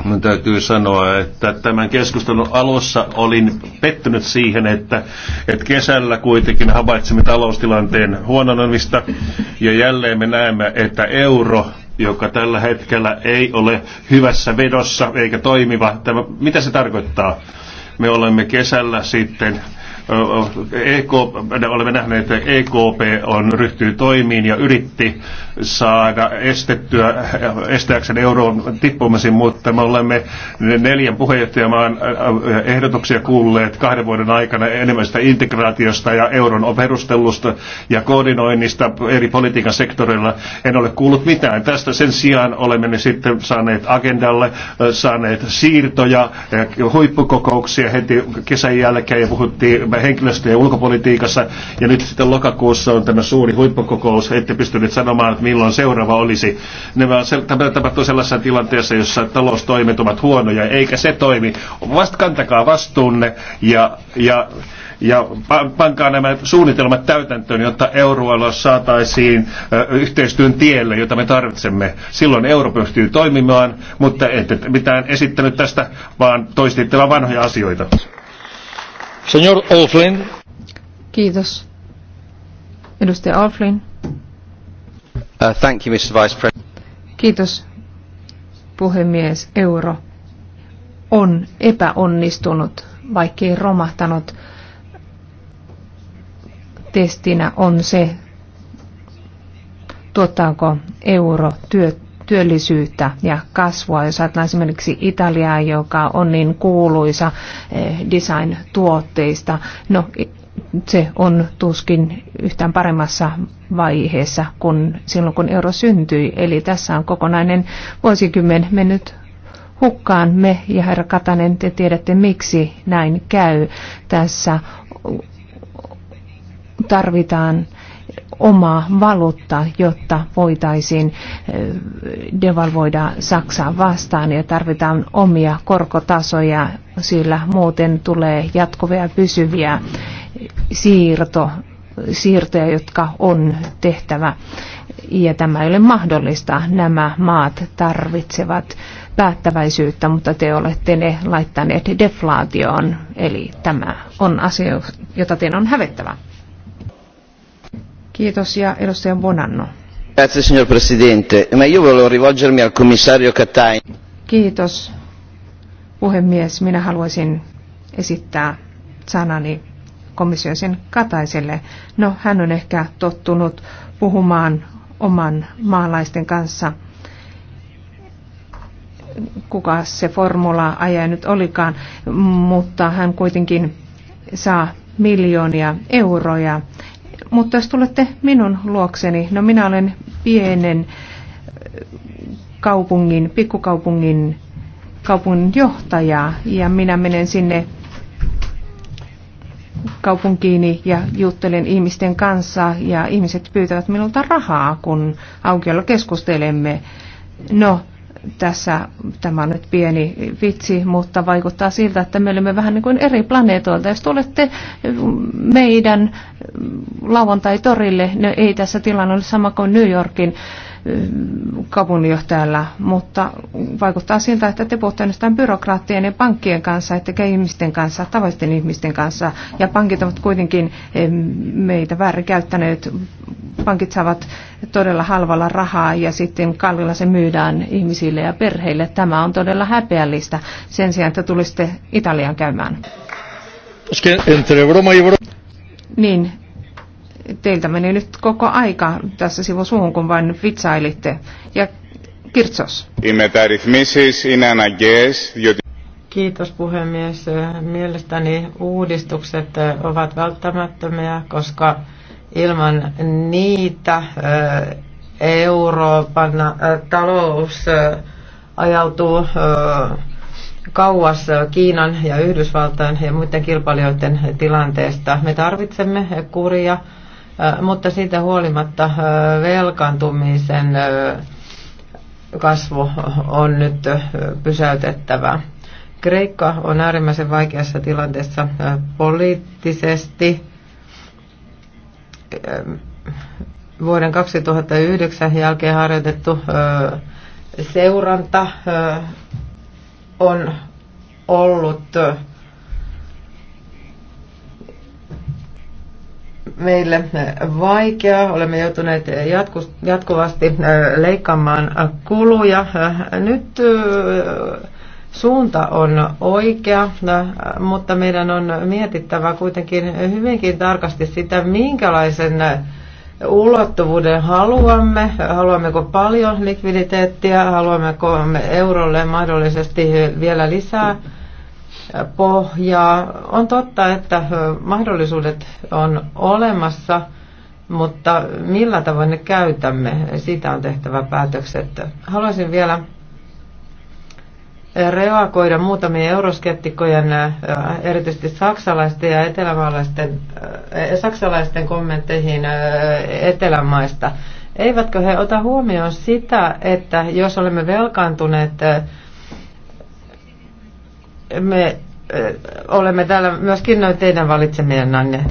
Minun täytyy sanoa, että tämän keskustelun alussa olin pettynyt siihen, että, että kesällä kuitenkin havaitsimme taloustilanteen huononemista ja jälleen me näemme, että euro joka tällä hetkellä ei ole hyvässä vedossa eikä toimiva. Tämä, mitä se tarkoittaa? Me olemme kesällä sitten EK, olemme nähneet, että EKP on ryhtynyt toimiin ja yritti saada estettyä, estääkseen euroon tippumisen, mutta me olemme neljän puheenjohtajamaan äh, äh, ehdotuksia kuulleet kahden vuoden aikana enemmästä integraatiosta ja euron perustellusta ja koordinoinnista eri politiikan sektoreilla. En ole kuullut mitään tästä. Sen sijaan olemme ne sitten saaneet agendalle, äh, saaneet siirtoja, huippukokouksia heti kesän jälkeen ja puhuttiin henkilöstö- ja ulkopolitiikassa. Ja nyt sitten lokakuussa on tämä suuri huippukokous. Ette pystyneet sanomaan milloin seuraava olisi. Ne tapahtuvat sellaisessa tilanteessa, jossa taloustoimet ovat huonoja, eikä se toimi. Vast kantakaa vastuunne ja, ja, ja pankaa nämä suunnitelmat täytäntöön, jotta euroalue saataisiin yhteistyön tielle, jota me tarvitsemme. Silloin euro pystyy toimimaan, mutta ette mitään esittänyt tästä, vaan toistitte vain vanhoja asioita. Señor Olflin. Kiitos. Edustaja Alflin. Uh, thank you, Mr. Vice President. Kiitos, puhemies. Euro on epäonnistunut, vaikkei romahtanut. Testinä on se, tuottaako euro työllisyyttä ja kasvua. Jos ajatellaan esimerkiksi Italiaa, joka on niin kuuluisa eh, design-tuotteista, no se on tuskin yhtään paremmassa vaiheessa kuin silloin, kun euro syntyi. Eli tässä on kokonainen vuosikymmen mennyt hukkaan. Me ja herra Katanen, te tiedätte miksi näin käy. Tässä tarvitaan omaa valuutta, jotta voitaisiin devalvoida Saksaa vastaan ja tarvitaan omia korkotasoja, sillä muuten tulee jatkuvia pysyviä siirto, siirtoja, jotka on tehtävä. Ja tämä ei ole mahdollista. Nämä maat tarvitsevat päättäväisyyttä, mutta te olette ne laittaneet deflaatioon. Eli tämä on asia, jota teidän on hävettävä. Kiitos ja edustaja Bonanno. Grazie signor Presidente, ma io volevo rivolgermi al commissario Katainen. Kiitos puhemies. Minä haluaisin esittää sanani komission sen Kataiselle. No, hän on ehkä tottunut puhumaan oman maalaisten kanssa kuka se formula ajaa nyt olikaan, mutta hän kuitenkin saa miljoonia euroja. Mutta jos tulette minun luokseni, no minä olen pienen kaupungin, pikkukaupungin kaupungin johtaja ja minä menen sinne kaupunkiini ja juttelen ihmisten kanssa ja ihmiset pyytävät minulta rahaa, kun aukiolla keskustelemme. No, tässä tämä on nyt pieni vitsi, mutta vaikuttaa siltä, että me olemme vähän niin kuin eri planeetoilta. Jos tulette meidän lauantai-torille, no ei tässä tilanne ole sama kuin New Yorkin kaupunginjohtajalla, mutta vaikuttaa siltä, että te puhutte ainoastaan byrokraattien ja pankkien kanssa, että ihmisten kanssa, tavallisten ihmisten kanssa. Ja pankit ovat kuitenkin meitä väärinkäyttäneet. Pankit saavat todella halvalla rahaa ja sitten kallilla se myydään ihmisille ja perheille. Tämä on todella häpeällistä sen sijaan, että tulisitte Italian käymään. Niin, Teiltä meni nyt koko aika tässä sivun suuhun, kun vain vitsailitte. Ja Kirtsos. Kiitos puhemies. Mielestäni uudistukset ovat välttämättömiä, koska ilman niitä Euroopan talous ajautuu kauas Kiinan ja Yhdysvaltain ja muiden kilpailijoiden tilanteesta. Me tarvitsemme kuria mutta siitä huolimatta velkaantumisen kasvu on nyt pysäytettävä. Kreikka on äärimmäisen vaikeassa tilanteessa poliittisesti. Vuoden 2009 jälkeen harjoitettu seuranta on ollut meille vaikea. Olemme joutuneet jatku, jatkuvasti leikkaamaan kuluja. Nyt suunta on oikea, mutta meidän on mietittävä kuitenkin hyvinkin tarkasti sitä, minkälaisen ulottuvuuden haluamme. Haluammeko paljon likviditeettiä, haluammeko me eurolle mahdollisesti vielä lisää. Mm pohjaa. On totta, että mahdollisuudet on olemassa, mutta millä tavoin ne käytämme, siitä on tehtävä päätökset. Haluaisin vielä reagoida muutamien euroskeptikkojen, erityisesti saksalaisten ja etelämaalaisten, e, saksalaisten kommentteihin etelämaista. Eivätkö he ota huomioon sitä, että jos olemme velkaantuneet me olemme täällä myöskin noin teidän valitsemienanne.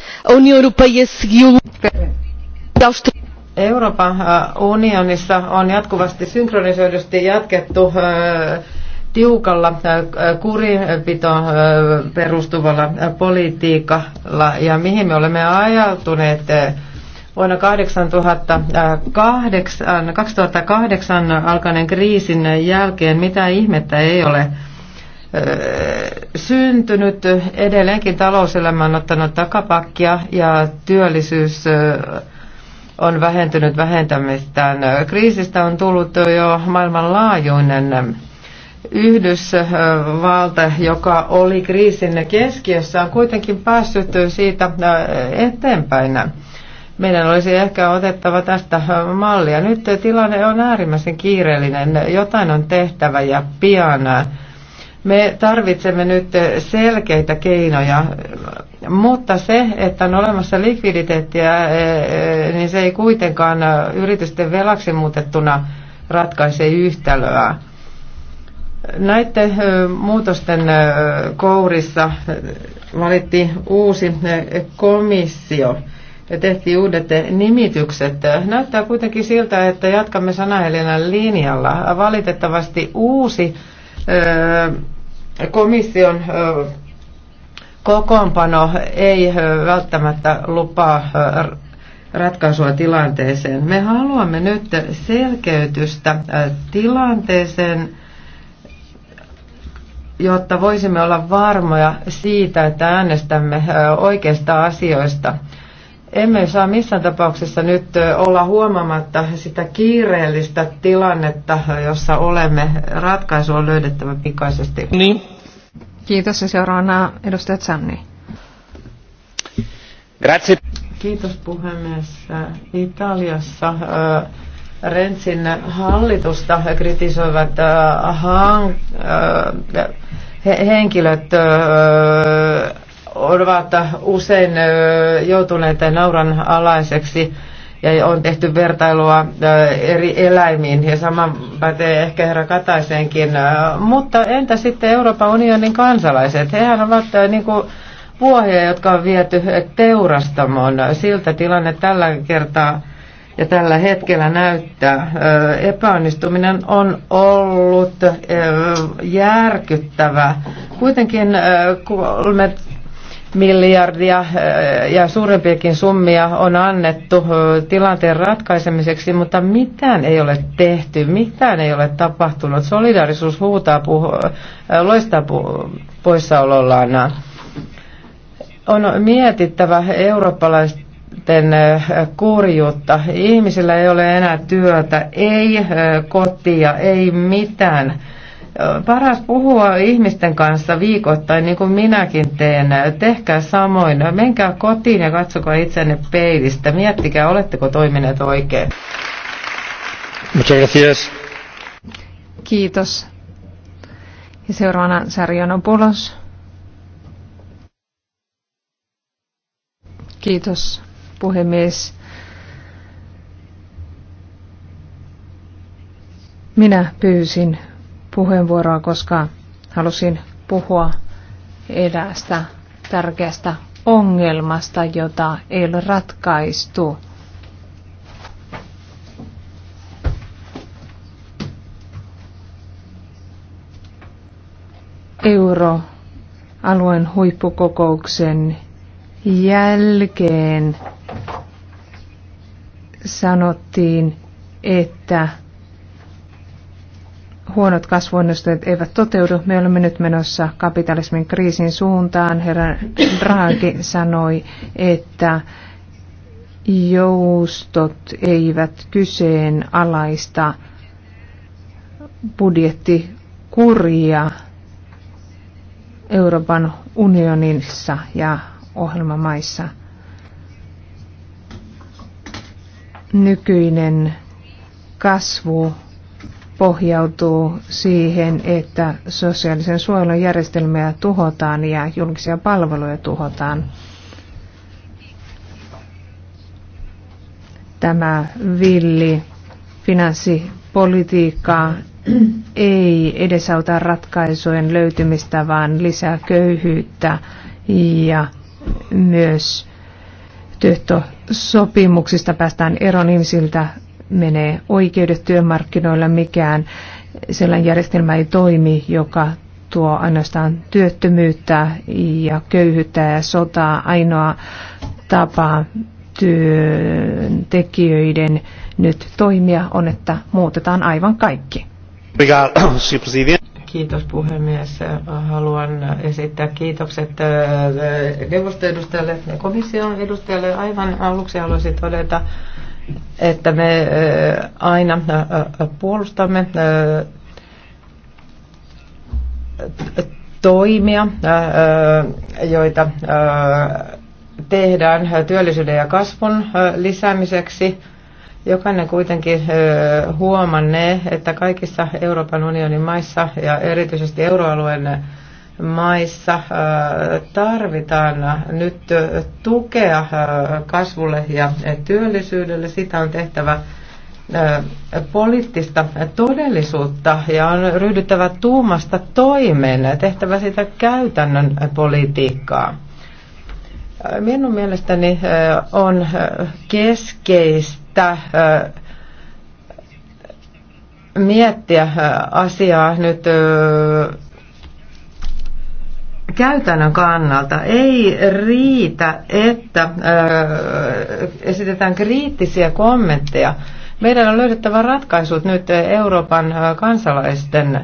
Euroopan unionissa on jatkuvasti synkronisoidusti jatkettu tiukalla kurinpitoon perustuvalla politiikalla ja mihin me olemme ajautuneet vuonna 2008, 2008 alkaneen kriisin jälkeen. Mitä ihmettä ei ole syntynyt. Edelleenkin talouselämä on ottanut takapakkia ja työllisyys on vähentynyt vähentämistään. Kriisistä on tullut jo maailmanlaajuinen Yhdysvalta, joka oli kriisin keskiössä, on kuitenkin päässyt siitä eteenpäin. Meidän olisi ehkä otettava tästä mallia. Nyt tilanne on äärimmäisen kiireellinen. Jotain on tehtävä ja pian me tarvitsemme nyt selkeitä keinoja, mutta se, että on olemassa likviditeettiä, eh, eh, niin se ei kuitenkaan yritysten velaksi muutettuna ratkaise yhtälöä. Näiden eh, muutosten kourissa valittiin uusi komissio ja tehtiin uudet nimitykset. Näyttää kuitenkin siltä, että jatkamme sanahelinän linjalla. Valitettavasti uusi komission kokoonpano ei välttämättä lupaa ratkaisua tilanteeseen. Me haluamme nyt selkeytystä tilanteeseen, jotta voisimme olla varmoja siitä, että äänestämme oikeista asioista. Emme saa missään tapauksessa nyt olla huomaamatta sitä kiireellistä tilannetta, jossa olemme. Ratkaisu on löydettävä pikaisesti. Niin. Kiitos ja seuraavana edustaja Zanni. Grazie. Kiitos puhemies. Italiassa Rensin hallitusta kritisoivat hank- henkilöt ovat usein joutuneet nauran alaiseksi ja on tehty vertailua eri eläimiin ja sama pätee ehkä herra Kataiseenkin. Mutta entä sitten Euroopan unionin kansalaiset? Hehän ovat niin kuin vuohia, jotka on viety teurastamoon. Siltä tilanne tällä kertaa ja tällä hetkellä näyttää. Epäonnistuminen on ollut järkyttävä. Kuitenkin kolme miljardia ja suurempiakin summia on annettu tilanteen ratkaisemiseksi, mutta mitään ei ole tehty, mitään ei ole tapahtunut. Solidaarisuus huutaa, puhu, loistaa puhu, poissaolollaan. On mietittävä eurooppalaista kurjuutta. Ihmisillä ei ole enää työtä, ei kotia, ei mitään paras puhua ihmisten kanssa viikoittain, niin kuin minäkin teen. Tehkää samoin. Menkää kotiin ja katsokaa itsenne peilistä. Miettikää, oletteko toimineet oikein. Muchas Kiitos. Ja seuraavana Pulos. Kiitos, puhemies. Minä pyysin puheenvuoroa, koska halusin puhua eräästä tärkeästä ongelmasta, jota ei ole ratkaistu. Euroalueen huippukokouksen jälkeen sanottiin, että huonot kasvuennusteet eivät toteudu. Me olemme nyt menossa kapitalismin kriisin suuntaan. Herra Draghi sanoi, että joustot eivät kyseenalaista budjettikuria Euroopan unionissa ja ohjelmamaissa. Nykyinen kasvu pohjautuu siihen, että sosiaalisen suojelun järjestelmiä tuhotaan ja julkisia palveluja tuhotaan. Tämä villi finanssipolitiikka ei edesauta ratkaisujen löytymistä, vaan lisää köyhyyttä ja myös työhtosopimuksista päästään eroon ihmisiltä menee oikeudet työmarkkinoilla, mikään sellainen järjestelmä ei toimi, joka tuo ainoastaan työttömyyttä ja köyhyyttä ja sotaa. Ainoa tapa työntekijöiden nyt toimia on, että muutetaan aivan kaikki. Kiitos puhemies. Haluan esittää kiitokset äh, neuvostoedustajalle ja komission edustajalle. Aivan aluksi haluaisin todeta, että me aina puolustamme toimia, joita tehdään työllisyyden ja kasvun lisäämiseksi. Jokainen kuitenkin huomannee, että kaikissa Euroopan unionin maissa ja erityisesti euroalueen maissa äh, tarvitaan nyt tukea äh, kasvulle ja työllisyydelle. Sitä on tehtävä äh, poliittista todellisuutta ja on ryhdyttävä tuumasta toimeen, ja tehtävä sitä käytännön politiikkaa. Minun mielestäni on keskeistä miettiä asiaa nyt käytännön kannalta ei riitä, että esitetään kriittisiä kommentteja. Meidän on löydettävä ratkaisut nyt Euroopan kansalaisten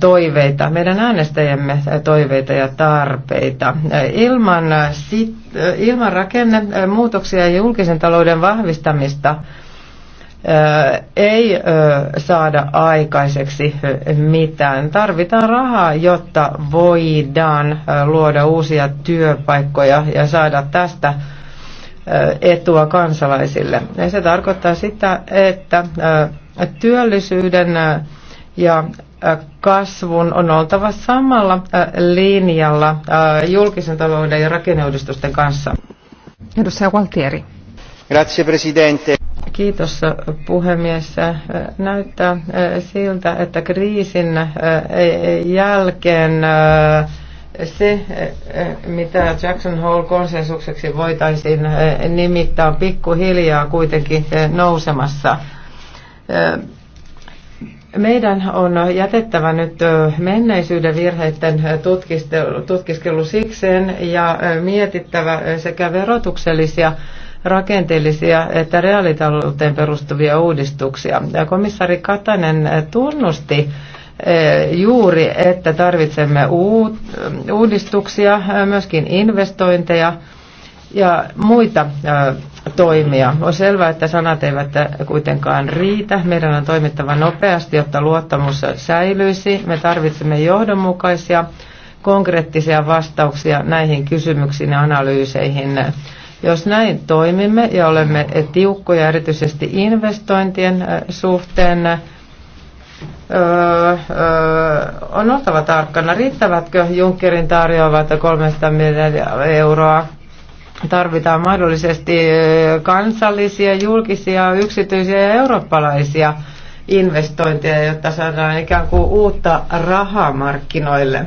toiveita, meidän äänestäjämme toiveita ja tarpeita. Ilman, sit, ilman rakennemuutoksia ja julkisen talouden vahvistamista ei saada aikaiseksi mitään. Tarvitaan rahaa, jotta voidaan luoda uusia työpaikkoja ja saada tästä etua kansalaisille. Ja se tarkoittaa sitä, että työllisyyden ja kasvun on oltava samalla linjalla julkisen talouden ja rakenneuudistusten kanssa. Edustaja Valtieri. Kiitos puhemies. Näyttää eh, siltä, että kriisin eh, jälkeen eh, se, mitä Jackson Hole-konsensukseksi voitaisiin nimittää, on pikkuhiljaa kuitenkin nousemassa. Meidän on jätettävä nyt menneisyyden virheiden tutkiskelu sikseen ja mietittävä sekä verotuksellisia rakenteellisia että reaalitalouteen perustuvia uudistuksia. Ja Komissaari Katainen tunnusti eh, juuri, että tarvitsemme uudistuksia, eh, myöskin investointeja ja muita eh, toimia. On selvää, että sanat eivät kuitenkaan riitä. Meidän on toimittava nopeasti, jotta luottamus säilyisi. Me tarvitsemme johdonmukaisia, konkreettisia vastauksia näihin kysymyksiin ja analyyseihin. Jos näin toimimme ja olemme tiukkoja erityisesti investointien suhteen, Öö, öö, on oltava tarkkana, riittävätkö Junckerin tarjoavat 300 miljardia euroa. Tarvitaan mahdollisesti kansallisia, julkisia, yksityisiä ja eurooppalaisia investointeja, jotta saadaan ikään kuin uutta rahaa markkinoille.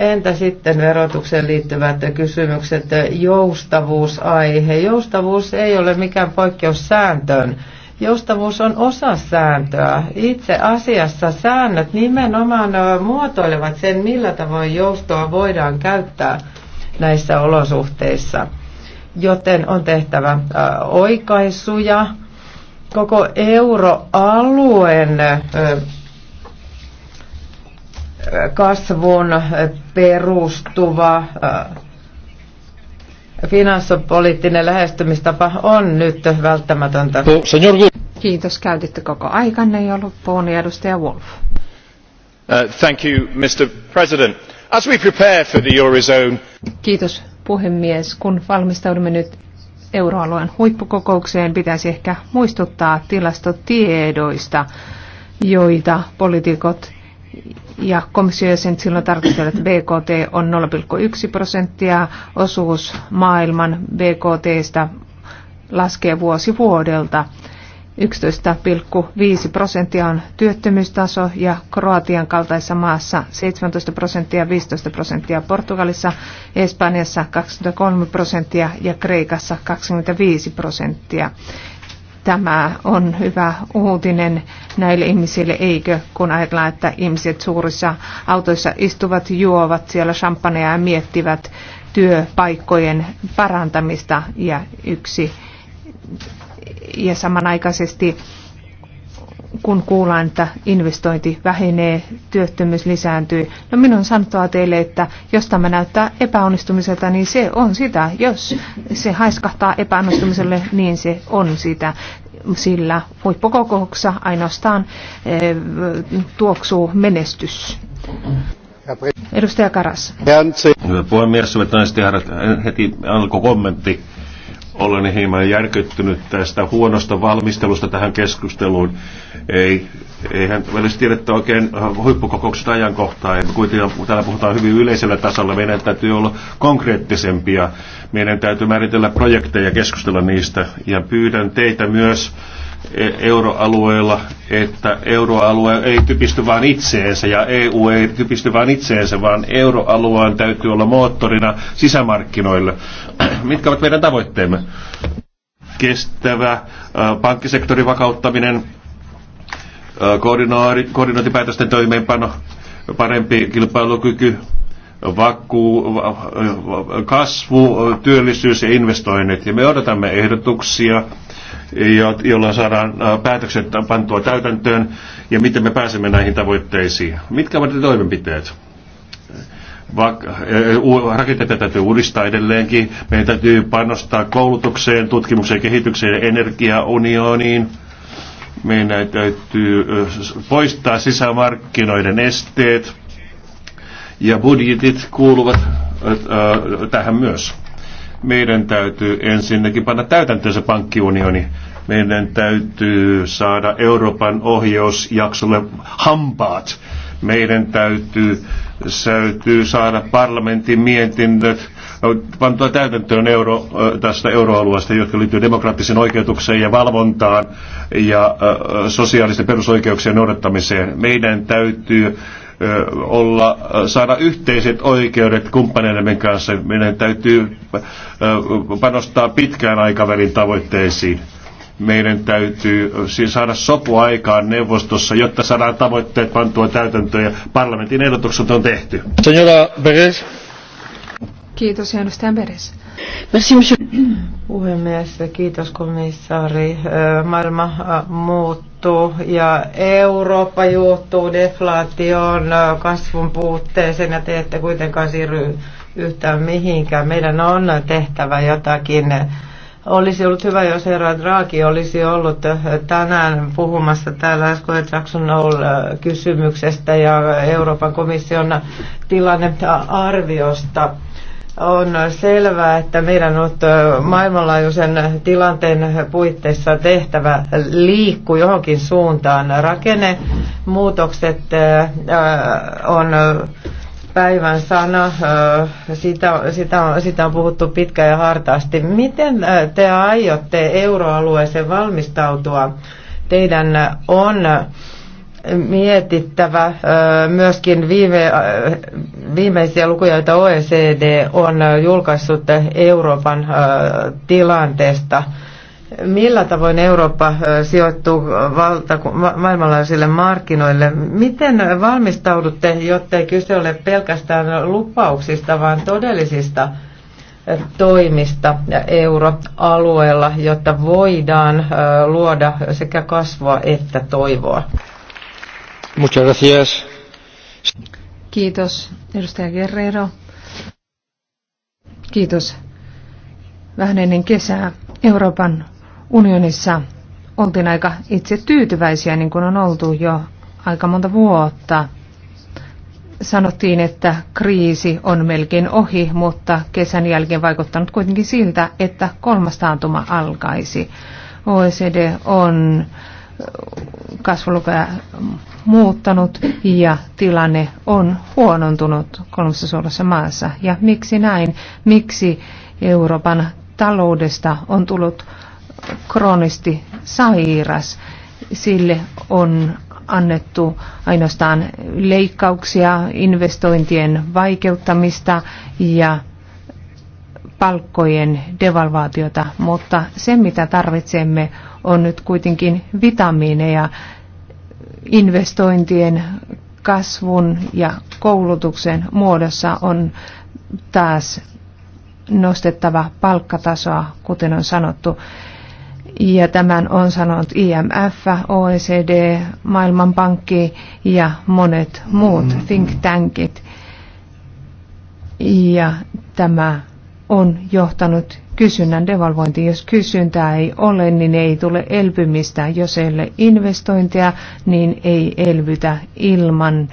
Entä sitten verotukseen liittyvät kysymykset, joustavuusaihe? Joustavuus ei ole mikään poikkeus sääntöön. Joustavuus on osa sääntöä. Itse asiassa säännöt nimenomaan muotoilevat sen, millä tavoin joustoa voidaan käyttää näissä olosuhteissa. Joten on tehtävä oikaisuja. Koko euroalueen kasvun perustuva äh, finanssipoliittinen lähestymistapa on nyt välttämätöntä. No, Kiitos, käytitte koko aikanne jo loppuun. Niin edustaja Wolf. Uh, thank you, Mr. President. As we prepare for the Eurozone... Kiitos, puhemies. Kun valmistaudumme nyt euroalueen huippukokoukseen, pitäisi ehkä muistuttaa tilastotiedoista, joita poliitikot ja komissiojäsen silloin tarkastelivat, että BKT on 0,1 prosenttia, osuus maailman BKTstä laskee vuosi vuodelta. 11,5 prosenttia on työttömyystaso ja Kroatian kaltaisessa maassa 17 prosenttia, 15 prosenttia, Portugalissa, Espanjassa 23 prosenttia ja Kreikassa 25 prosenttia tämä on hyvä uutinen näille ihmisille, eikö, kun ajatellaan, että ihmiset suurissa autoissa istuvat, juovat siellä champagnea ja miettivät työpaikkojen parantamista ja yksi ja samanaikaisesti kun kuullaan, että investointi vähenee, työttömyys lisääntyy. No minun on sanottava teille, että jos tämä näyttää epäonnistumiselta, niin se on sitä. Jos se haiskahtaa epäonnistumiselle, niin se on sitä. Sillä huippukokouksessa ainoastaan e, tuoksuu menestys. Edustaja Karas. Hyvä puhemies, hyvät naiset ja herrat, heti alkoi kommentti olen hieman järkyttynyt tästä huonosta valmistelusta tähän keskusteluun. Ei, eihän välistä tiedettä oikein huippukokouksesta ajankohtaa. Ja kuitenkin täällä puhutaan hyvin yleisellä tasolla. Meidän täytyy olla konkreettisempia. Meidän täytyy määritellä projekteja ja keskustella niistä. Ja pyydän teitä myös E- euroalueella, että euroalue ei typisty vain itseensä ja EU ei typisty vain itseensä, vaan euroalueen täytyy olla moottorina sisämarkkinoille. *clears throat* Mitkä ovat meidän tavoitteemme? Kestävä pankkisektorin vakauttaminen, koordinointipäätösten toimeenpano, parempi kilpailukyky, vakuu, kasvu, työllisyys ja investoinnit. Ja me odotamme ehdotuksia jolla saadaan päätökset pantua täytäntöön ja miten me pääsemme näihin tavoitteisiin. Mitkä ovat ne toimenpiteet? rakenteita täytyy uudistaa edelleenkin. Meidän täytyy panostaa koulutukseen, tutkimukseen, kehitykseen, energiaunioniin. Meidän täytyy poistaa sisämarkkinoiden esteet. Ja budjetit kuuluvat tähän myös meidän täytyy ensinnäkin panna täytäntöön se pankkiunioni. Meidän täytyy saada Euroopan ohjausjaksolle hampaat. Meidän täytyy, täytyy saada parlamentin mietinnöt pantua täytäntöön euro, tästä euroalueesta, jotka liittyy demokraattiseen oikeutukseen ja valvontaan ja sosiaalisten perusoikeuksien noudattamiseen. Meidän täytyy olla, saada yhteiset oikeudet kumppaneiden kanssa. Meidän täytyy panostaa pitkään aikavälin tavoitteisiin. Meidän täytyy siis saada sopu aikaan neuvostossa, jotta saadaan tavoitteet pantua täytäntöön ja parlamentin ehdotukset on tehty. Señora Beres. Kiitos, Janus Beres. Merci, monsieur. Puhemies, kiitos komissaari. Maailma muuttuu ja Eurooppa juuttuu deflaation kasvun puutteeseen ja te ette kuitenkaan siirry yhtään mihinkään. Meidän on tehtävä jotakin. Olisi ollut hyvä, jos herra Draghi olisi ollut tänään puhumassa täällä Skoja Jackson kysymyksestä ja Euroopan komission tilannearviosta. arviosta on selvää, että meidän on maailmanlaajuisen tilanteen puitteissa tehtävä liikku johonkin suuntaan. Rakennemuutokset on päivän sana, sitä, sitä, on, sitä on puhuttu pitkään ja hartaasti. Miten te aiotte euroalueeseen valmistautua? Teidän on mietittävä myöskin viime, viimeisiä lukuja, joita OECD on julkaissut Euroopan tilanteesta. Millä tavoin Eurooppa sijoittuu valta, maailmanlaajuisille markkinoille? Miten valmistaudutte, jottei kyse ole pelkästään lupauksista, vaan todellisista toimista euroalueella, jotta voidaan luoda sekä kasvua että toivoa? Muchas gracias. Kiitos, edustaja Guerrero. Kiitos. Vähän ennen kesää Euroopan unionissa oltiin aika itse tyytyväisiä, niin kuin on oltu jo aika monta vuotta. Sanottiin, että kriisi on melkein ohi, mutta kesän jälkeen vaikuttanut kuitenkin siltä, että kolmas taantuma alkaisi. OECD on kasvulukuja muuttanut ja tilanne on huonontunut kolmessa suuressa maassa. Ja miksi näin? Miksi Euroopan taloudesta on tullut kroonisti sairas? Sille on annettu ainoastaan leikkauksia, investointien vaikeuttamista ja palkkojen devalvaatiota, mutta se mitä tarvitsemme on nyt kuitenkin vitamiineja investointien kasvun ja koulutuksen muodossa on taas nostettava palkkatasoa, kuten on sanottu. Ja tämän on sanonut IMF, OECD, Maailmanpankki ja monet muut mm. think tankit. Ja tämä on johtanut kysynnän devalvointiin. Jos kysyntää ei ole, niin ei tule elpymistä. Jos ei ole investointeja, niin ei elvytä ilman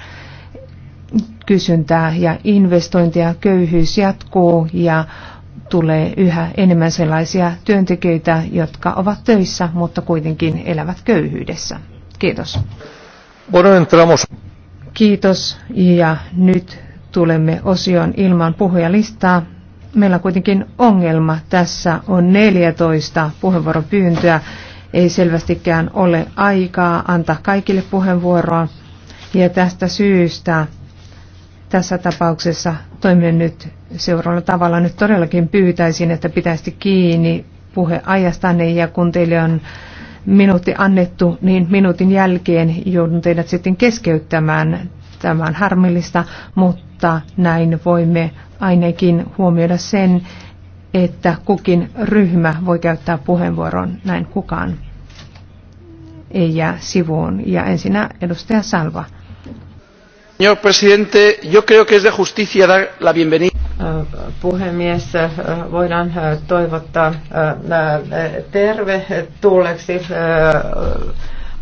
kysyntää ja investointia. Köyhyys jatkuu ja tulee yhä enemmän sellaisia työntekijöitä, jotka ovat töissä, mutta kuitenkin elävät köyhyydessä. Kiitos. Kiitos ja nyt tulemme osioon ilman puhujalistaa meillä on kuitenkin ongelma. Tässä on 14 puheenvuoropyyntöä. Ei selvästikään ole aikaa antaa kaikille puheenvuoroa. Ja tästä syystä tässä tapauksessa toimin nyt seuraavalla tavalla. Nyt todellakin pyytäisin, että pitäisi kiinni puheajastanne ja kun teille on minuutti annettu, niin minuutin jälkeen joudun teidät sitten keskeyttämään. tämän harmillista, mutta mutta näin voimme ainakin huomioida sen, että kukin ryhmä voi käyttää puheenvuoron, näin kukaan ei jää sivuun. Ja ensinnä edustaja Salva. Señor presidente, yo creo que es de justicia dar la bienvenida puhemies, voidaan toivottaa tervetulleeksi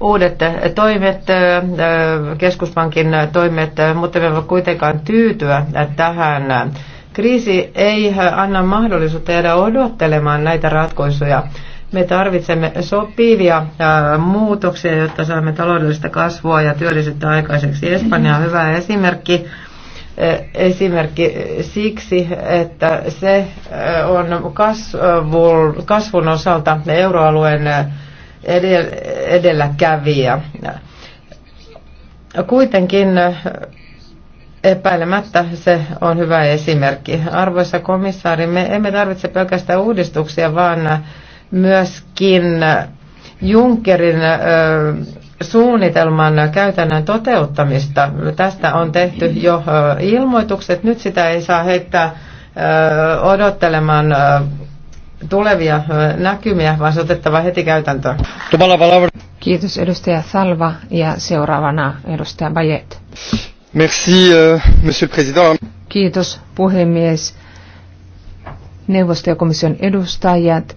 uudet äh, toimet, äh, keskuspankin toimet, äh, mutta me voimme kuitenkaan tyytyä tähän. Kriisi ei anna mahdollisuutta jäädä odottelemaan näitä ratkaisuja. Me tarvitsemme sopivia muutoksia, jotta saamme taloudellista kasvua ja työllisyyttä aikaiseksi. Espanja on hyvä esimerkki esimerkki siksi, että se on kasvun osalta euroalueen edelläkävijä. Kuitenkin Epäilemättä se on hyvä esimerkki. Arvoisa komissaari, me emme tarvitse pelkästään uudistuksia, vaan myöskin Junckerin suunnitelman käytännön toteuttamista. Tästä on tehty jo ilmoitukset. Nyt sitä ei saa heittää odottelemaan tulevia näkymiä, vaan se otettava heti käytäntöön. Kiitos edustaja Salva ja seuraavana edustaja Bajet. Merci, euh, monsieur le président. Kiitos puhemies. Neuvosto- ja komission edustajat,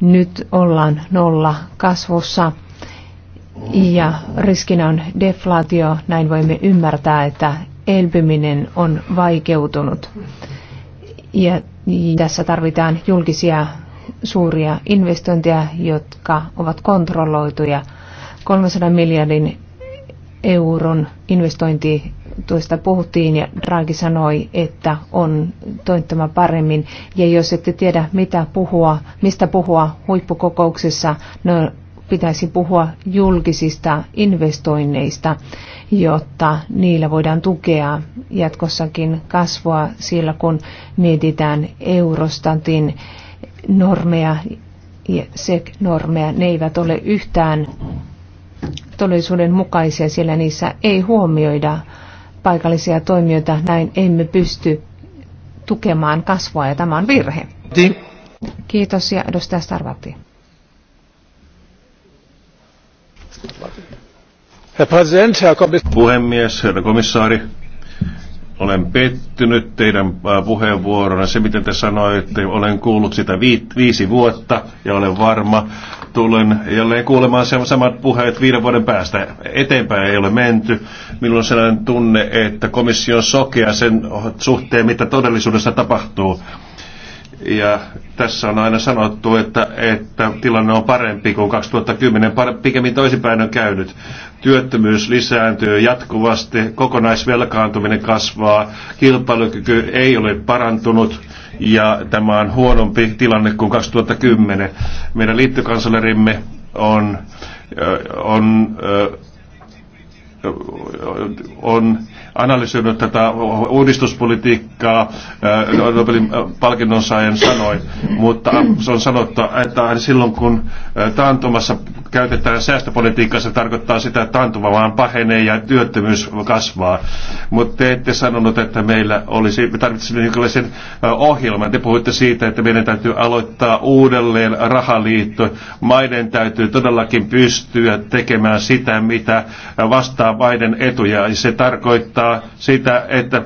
nyt ollaan nolla kasvussa ja riskinä on deflaatio. Näin voimme ymmärtää, että elpyminen on vaikeutunut. Ja tässä tarvitaan julkisia suuria investointeja, jotka ovat kontrolloituja. 300 miljardin euron investointi tuosta puhuttiin ja Draghi sanoi, että on toittama paremmin. Ja jos ette tiedä, mitä puhua, mistä puhua huippukokouksessa, no pitäisi puhua julkisista investoinneista, jotta niillä voidaan tukea jatkossakin kasvua sillä, kun mietitään Eurostatin normeja ja sek normeja ne eivät ole yhtään todellisuuden mukaisia, sillä niissä ei huomioida paikallisia toimijoita, näin emme pysty tukemaan kasvua ja tämä on virhe. Kiitos ja edustaja Starvatti. Herr Puhemies, herra komissaari, olen pettynyt teidän puheenvuoronne. Se, miten te sanoitte, olen kuullut sitä viisi vuotta ja olen varma, tulen jälleen kuulemaan samat puheet viiden vuoden päästä. Eteenpäin ei ole menty. Minulla on sellainen tunne, että komissio on sokea sen suhteen, mitä todellisuudessa tapahtuu. Ja tässä on aina sanottu, että, että tilanne on parempi kuin 2010, pikemmin toisinpäin on käynyt. Työttömyys lisääntyy jatkuvasti, kokonaisvelkaantuminen kasvaa, kilpailukyky ei ole parantunut ja tämä on huonompi tilanne kuin 2010. Meidän liittokanslerimme on, on, on, on analysoinut tätä uudistuspolitiikkaa, äh, Nobelin äh, palkinnon saajan sanoi, mutta äh, se on sanottu, että silloin kun taantumassa käytetään säästöpolitiikassa, tarkoittaa sitä, että taantuma vaan pahenee ja työttömyys kasvaa. Mutta te ette sanonut, että meillä olisi, me tarvitsisimme jonkinlaisen ohjelman. Te puhuitte siitä, että meidän täytyy aloittaa uudelleen rahaliitto. Maiden täytyy todellakin pystyä tekemään sitä, mitä vastaa maiden etuja. Se tarkoittaa sitä, että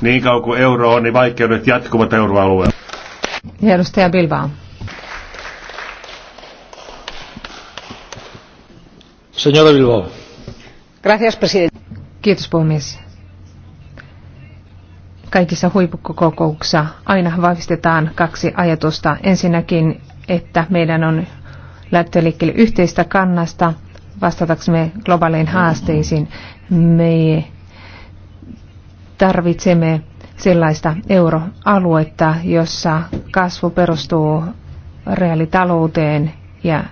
niin kauan kuin euro on, niin vaikeudet jatkuvat euroalueella. edustaja Bilbao. Señora Kiitos puhemies. Kaikissa huippukokouksissa aina vahvistetaan kaksi ajatusta. Ensinnäkin, että meidän on lähteä liikkeelle yhteistä kannasta vastataksemme globaaleihin haasteisiin. Me tarvitsemme sellaista euroaluetta, jossa kasvu perustuu reaalitalouteen ja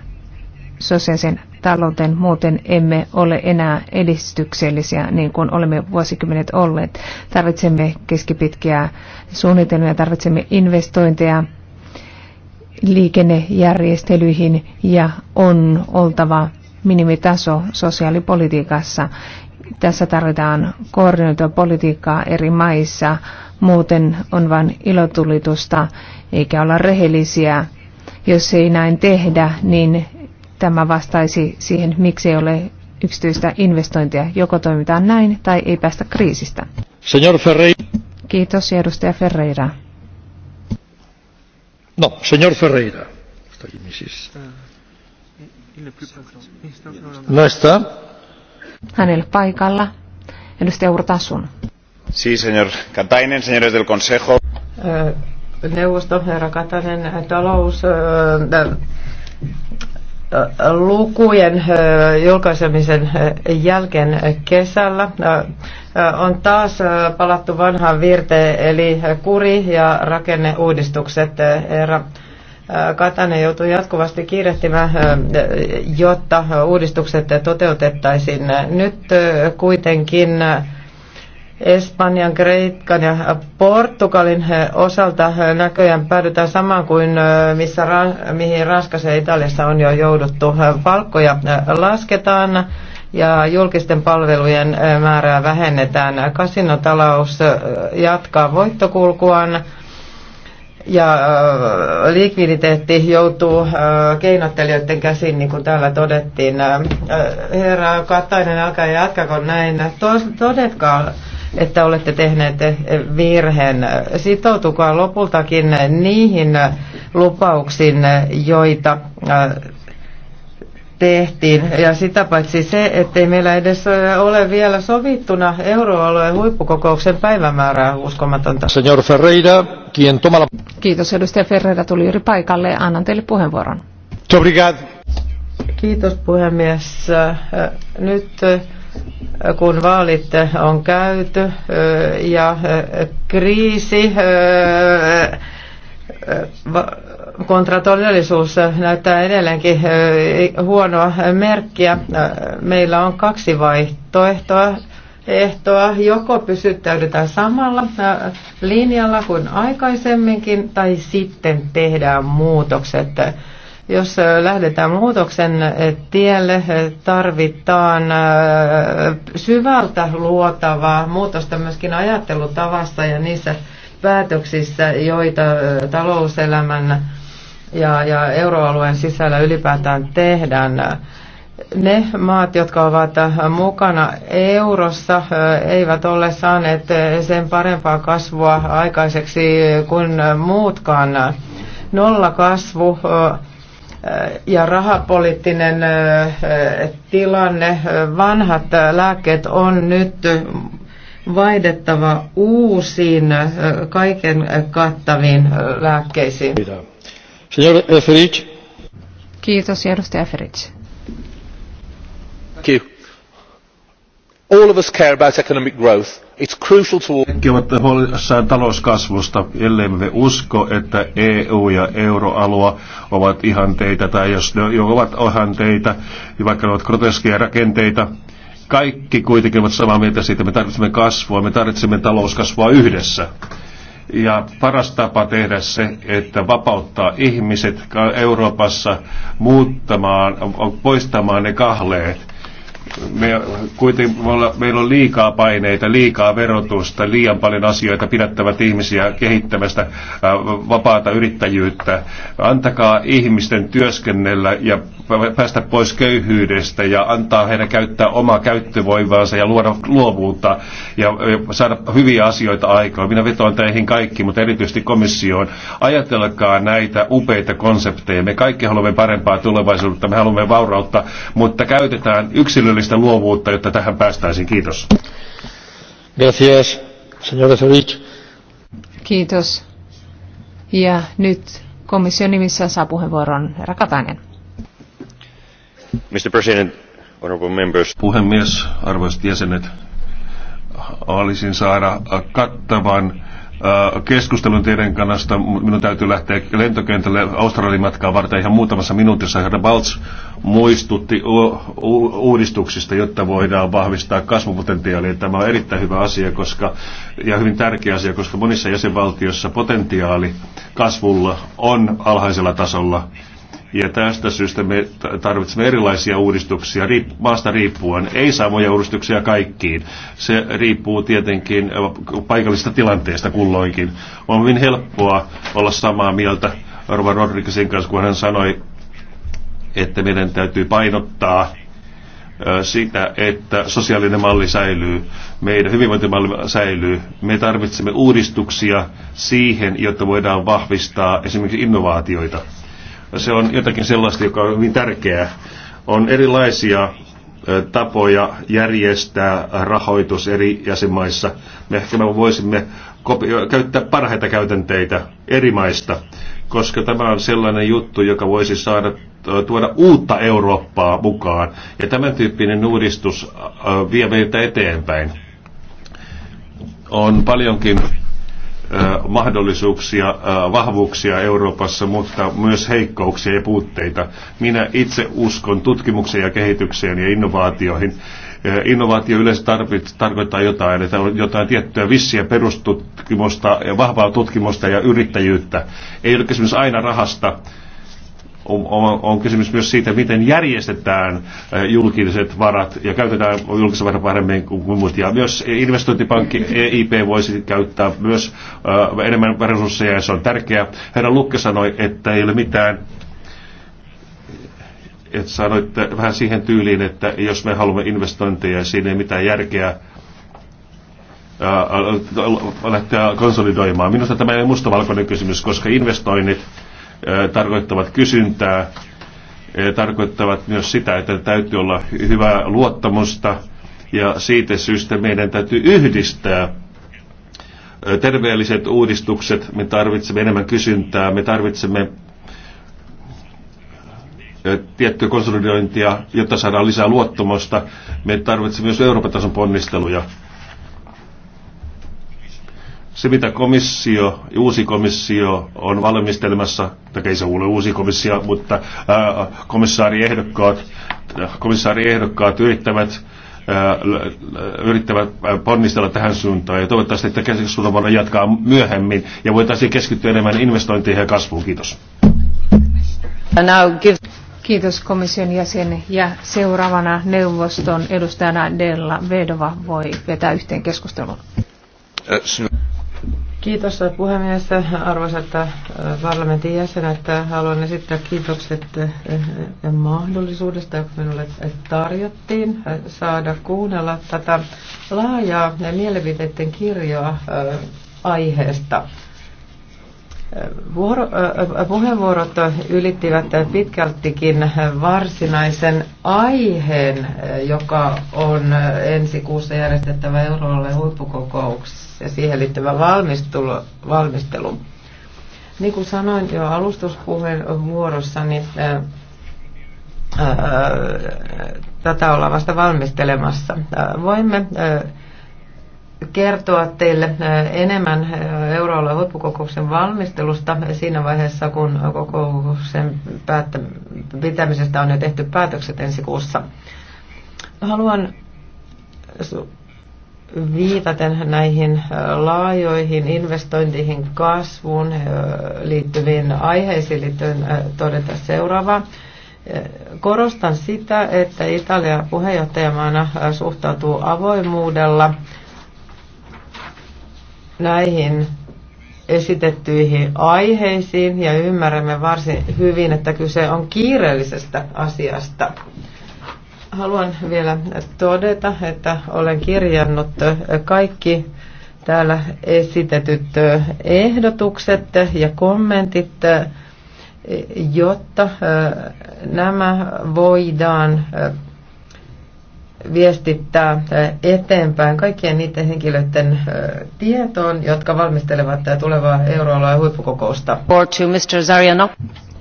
sosiaalisen talouteen, muuten emme ole enää edistyksellisiä niin kuin olemme vuosikymmenet olleet. Tarvitsemme keskipitkiä suunnitelmia, tarvitsemme investointeja liikennejärjestelyihin ja on oltava minimitaso sosiaalipolitiikassa. Tässä tarvitaan koordinoitua politiikkaa eri maissa, muuten on vain ilotulitusta eikä olla rehellisiä. Jos ei näin tehdä, niin tämä vastaisi siihen, miksi ei ole yksityistä investointia. Joko toimitaan näin tai ei päästä kriisistä. Señor Ferreira. Kiitos, edustaja Ferreira. No, señor Ferreira. No está. Hänellä paikalla. Edustaja Urtasun. Sí, señor Katainen, señores del Consejo. Äh, neuvosto, herra Katainen, äh, talous, äh, lukujen julkaisemisen jälkeen kesällä on taas palattu vanhaan virteen, eli kuri- ja rakenneuudistukset. Herra Katainen joutui jatkuvasti kiirehtimään, jotta uudistukset toteutettaisiin. Nyt kuitenkin Espanjan, Kreikan ja Portugalin eh, osalta eh, näköjään päädytään samaan kuin eh, missä, mihin Ranskassa ja Italiassa on jo jouduttu. Palkkoja lasketaan ja julkisten palvelujen määrää vähennetään. Kasinotalous jatkaa voittokulkuaan ja likviditeetti joutuu keinottelijoiden käsiin, niin kuin täällä todettiin. Herra Katainen, älkää jatkako näin. todetkaa että olette tehneet virheen. Sitoutukaa lopultakin niihin lupauksiin, joita äh, tehtiin. Ja sitä paitsi se, ettei meillä edes ole vielä sovittuna euroalueen huippukokouksen päivämäärää uskomatonta. Señor Ferreira, quien tomala... Kiitos edustaja Ferreira, tuli juuri paikalle. Annan teille puheenvuoron. Obrigado. Kiitos puhemies. Äh, nyt kun vaalit on käyty ja kriisi kontra todellisuus näyttää edelleenkin huonoa merkkiä. Meillä on kaksi vaihtoehtoa. Ehtoa. Joko pysyttäydytään samalla linjalla kuin aikaisemminkin tai sitten tehdään muutokset jos äh, lähdetään muutoksen äh, tielle, äh, tarvitaan syvältä luotavaa muutosta myöskin ajattelutavassa ja niissä päätöksissä, joita talouselämän ja, ja euroalueen sisällä ylipäätään tehdään. Ne maat, jotka ovat mukana eurossa, eivät ole saaneet sen parempaa kasvua aikaiseksi kuin muutkaan. Nollakasvu ja rahapoliittinen tilanne. Vanhat lääkkeet on nyt vaihdettava uusiin kaiken kattaviin lääkkeisiin. Kiitos, edustaja Eferic. All of us care about economic growth It's crucial to... Kaikki huolissaan talouskasvusta, ellei me usko, että EU ja euroalue ovat ihan teitä tai jos ne ovat teitä, niin vaikka ne ovat groteskia rakenteita, kaikki kuitenkin ovat samaa mieltä siitä, että me tarvitsemme kasvua, me tarvitsemme talouskasvua yhdessä. Ja paras tapa tehdä se, että vapauttaa ihmiset Euroopassa muuttamaan, poistamaan ne kahleet me, kuitenkin meillä on liikaa paineita, liikaa verotusta, liian paljon asioita pidättävät ihmisiä kehittämästä äh, vapaata yrittäjyyttä. Antakaa ihmisten työskennellä ja päästä pois köyhyydestä ja antaa heidän käyttää omaa käyttövoimaansa ja luoda luovuutta ja saada hyviä asioita aikaan. Minä vetoan teihin kaikki, mutta erityisesti komissioon. Ajatelkaa näitä upeita konsepteja. Me kaikki haluamme parempaa tulevaisuutta, me haluamme vaurautta, mutta käytetään yksilöllisiä todellista luovuutta, jotta tähän päästäisiin. Kiitos. Gracias, señora Kiitos. Ja nyt komission nimissä saa puheenvuoron herra Katainen. Mr. President, honorable members. Puhemies, arvoisat jäsenet, olisin saada kattavan Äh, keskustelun teidän kannasta. Minun täytyy lähteä lentokentälle Australian matkaa varten ihan muutamassa minuutissa. Herra Baltz muistutti uudistuksista, jotta voidaan vahvistaa kasvupotentiaalia. Tämä on erittäin hyvä asia koska, ja hyvin tärkeä asia, koska monissa jäsenvaltioissa potentiaali kasvulla on alhaisella tasolla ja tästä syystä me tarvitsemme erilaisia uudistuksia maasta riippuen, ei samoja uudistuksia kaikkiin. Se riippuu tietenkin paikallisesta tilanteesta kulloinkin. On hyvin helppoa olla samaa mieltä Rova Rodrikasin kanssa, kun hän sanoi, että meidän täytyy painottaa sitä, että sosiaalinen malli säilyy, meidän hyvinvointimalli säilyy. Me tarvitsemme uudistuksia siihen, jotta voidaan vahvistaa esimerkiksi innovaatioita se on jotakin sellaista, joka on hyvin tärkeää. On erilaisia tapoja järjestää rahoitus eri jäsenmaissa. Me ehkä me voisimme käyttää parhaita käytänteitä eri maista, koska tämä on sellainen juttu, joka voisi saada tuoda uutta Eurooppaa mukaan. Ja tämän tyyppinen uudistus vie meitä eteenpäin. On paljonkin mahdollisuuksia, vahvuuksia Euroopassa, mutta myös heikkouksia ja puutteita. Minä itse uskon tutkimukseen ja kehitykseen ja innovaatioihin. Innovaatio yleensä tarvit, tarkoittaa jotain, että on jotain tiettyä vissiä perustutkimusta ja vahvaa tutkimusta ja yrittäjyyttä. Ei ole kysymys aina rahasta, on, on kysymys myös siitä, miten järjestetään eh, julkiset varat ja käytetään julkiset varat paremmin kuin muut. Ja myös investointipankki EIP voisi käyttää myös eh, enemmän resursseja ja se on tärkeää. Herra Lukke sanoi, että ei ole mitään että sanoitte vähän siihen tyyliin, että jos me haluamme investointeja, siinä ei mitään järkeä eh, lähteä konsolidoimaan. Minusta tämä ei ole mustavalkoinen kysymys, koska investoinnit tarkoittavat kysyntää, tarkoittavat myös sitä, että täytyy olla hyvää luottamusta ja siitä syystä meidän täytyy yhdistää terveelliset uudistukset, me tarvitsemme enemmän kysyntää, me tarvitsemme tiettyä konsolidointia, jotta saadaan lisää luottamusta. Me tarvitsemme myös Euroopan tason ponnisteluja se, mitä komissio, uusi komissio on valmistelemassa, tai ei se ole uusi komissio, mutta komissaariehdokkaat, komissaariehdokkaat yrittävät yrittävät ponnistella tähän suuntaan ja toivottavasti, että keskustelua voidaan jatkaa myöhemmin ja voitaisiin keskittyä enemmän investointeihin ja kasvuun. Kiitos. Kiitos komission jäsen ja seuraavana neuvoston edustajana Della Vedova voi vetää yhteen keskustelun. Äh, Kiitos puhemies, arvoisat äh, parlamentin jäsenet. Haluan esittää kiitokset äh, äh, mahdollisuudesta, joka minulle tarjottiin saada kuunnella tätä laajaa mielipiteiden kirjoa aiheesta. Vuoro, puheenvuorot ylittivät pitkältikin varsinaisen aiheen, joka on ensi kuussa järjestettävä euroalueen huippukokouks ja siihen liittyvä valmistelu. valmistelu. Niin kuin sanoin jo alustuspuheenvuorossa, niin ää, ää, tätä ollaan vasta valmistelemassa. Voimme ää, kertoa teille enemmän euroalueen huippukokouksen valmistelusta siinä vaiheessa, kun kokouksen pitämisestä on jo tehty päätökset ensi kuussa. Haluan viitaten näihin laajoihin investointiin kasvuun liittyviin aiheisiin liittyen todeta seuraavaa. Korostan sitä, että Italia puheenjohtajamaana suhtautuu avoimuudella – näihin esitettyihin aiheisiin ja ymmärrämme varsin hyvin, että kyse on kiireellisestä asiasta. Haluan vielä todeta, että olen kirjannut kaikki täällä esitetyt ehdotukset ja kommentit, jotta nämä voidaan viestittää eteenpäin kaikkien niiden henkilöiden tietoon, jotka valmistelevat tätä tulevaa euroalueen huippukokousta.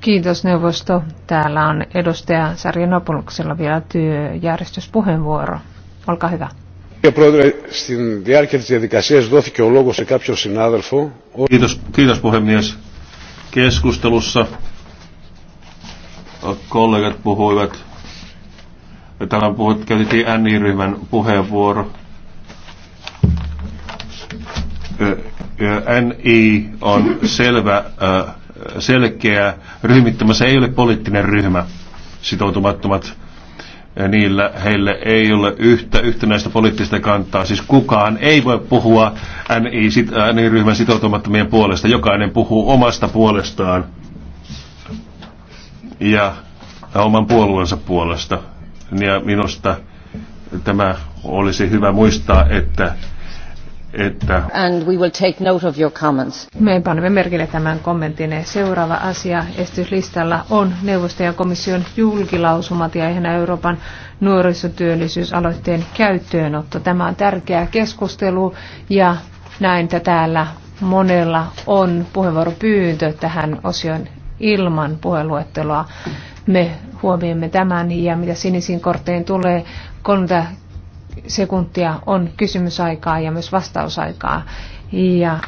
Kiitos neuvosto. Täällä on edustaja Sarjanopuluksella vielä työjärjestyspuheenvuoro. Olkaa hyvä. Kiitos, kiitos puhemies. Keskustelussa kollegat puhuivat Täällä puhut, käytettiin NI-ryhmän puheenvuoro. NI on selvä, selkeä ryhmittymä. Se ei ole poliittinen ryhmä, sitoutumattomat niillä, heille ei ole yhtä yhtenäistä poliittista kantaa. Siis kukaan ei voi puhua NI-ryhmän sitoutumattomien puolesta. Jokainen puhuu omasta puolestaan ja oman puolueensa puolesta ja minusta tämä olisi hyvä muistaa, että että And we will take note of your comments. Me panemme merkille tämän kommentin. Seuraava asia esityslistalla on neuvosto ja komission julkilausumat ja ihan Euroopan nuorisotyöllisyysaloitteen käyttöönotto. Tämä on tärkeä keskustelu ja näin täällä monella on puheenvuoropyyntö tähän osion ilman puheluetteloa me huomioimme tämän ja mitä sinisiin kortteihin tulee, 30 sekuntia on kysymysaikaa ja myös vastausaikaa. Ja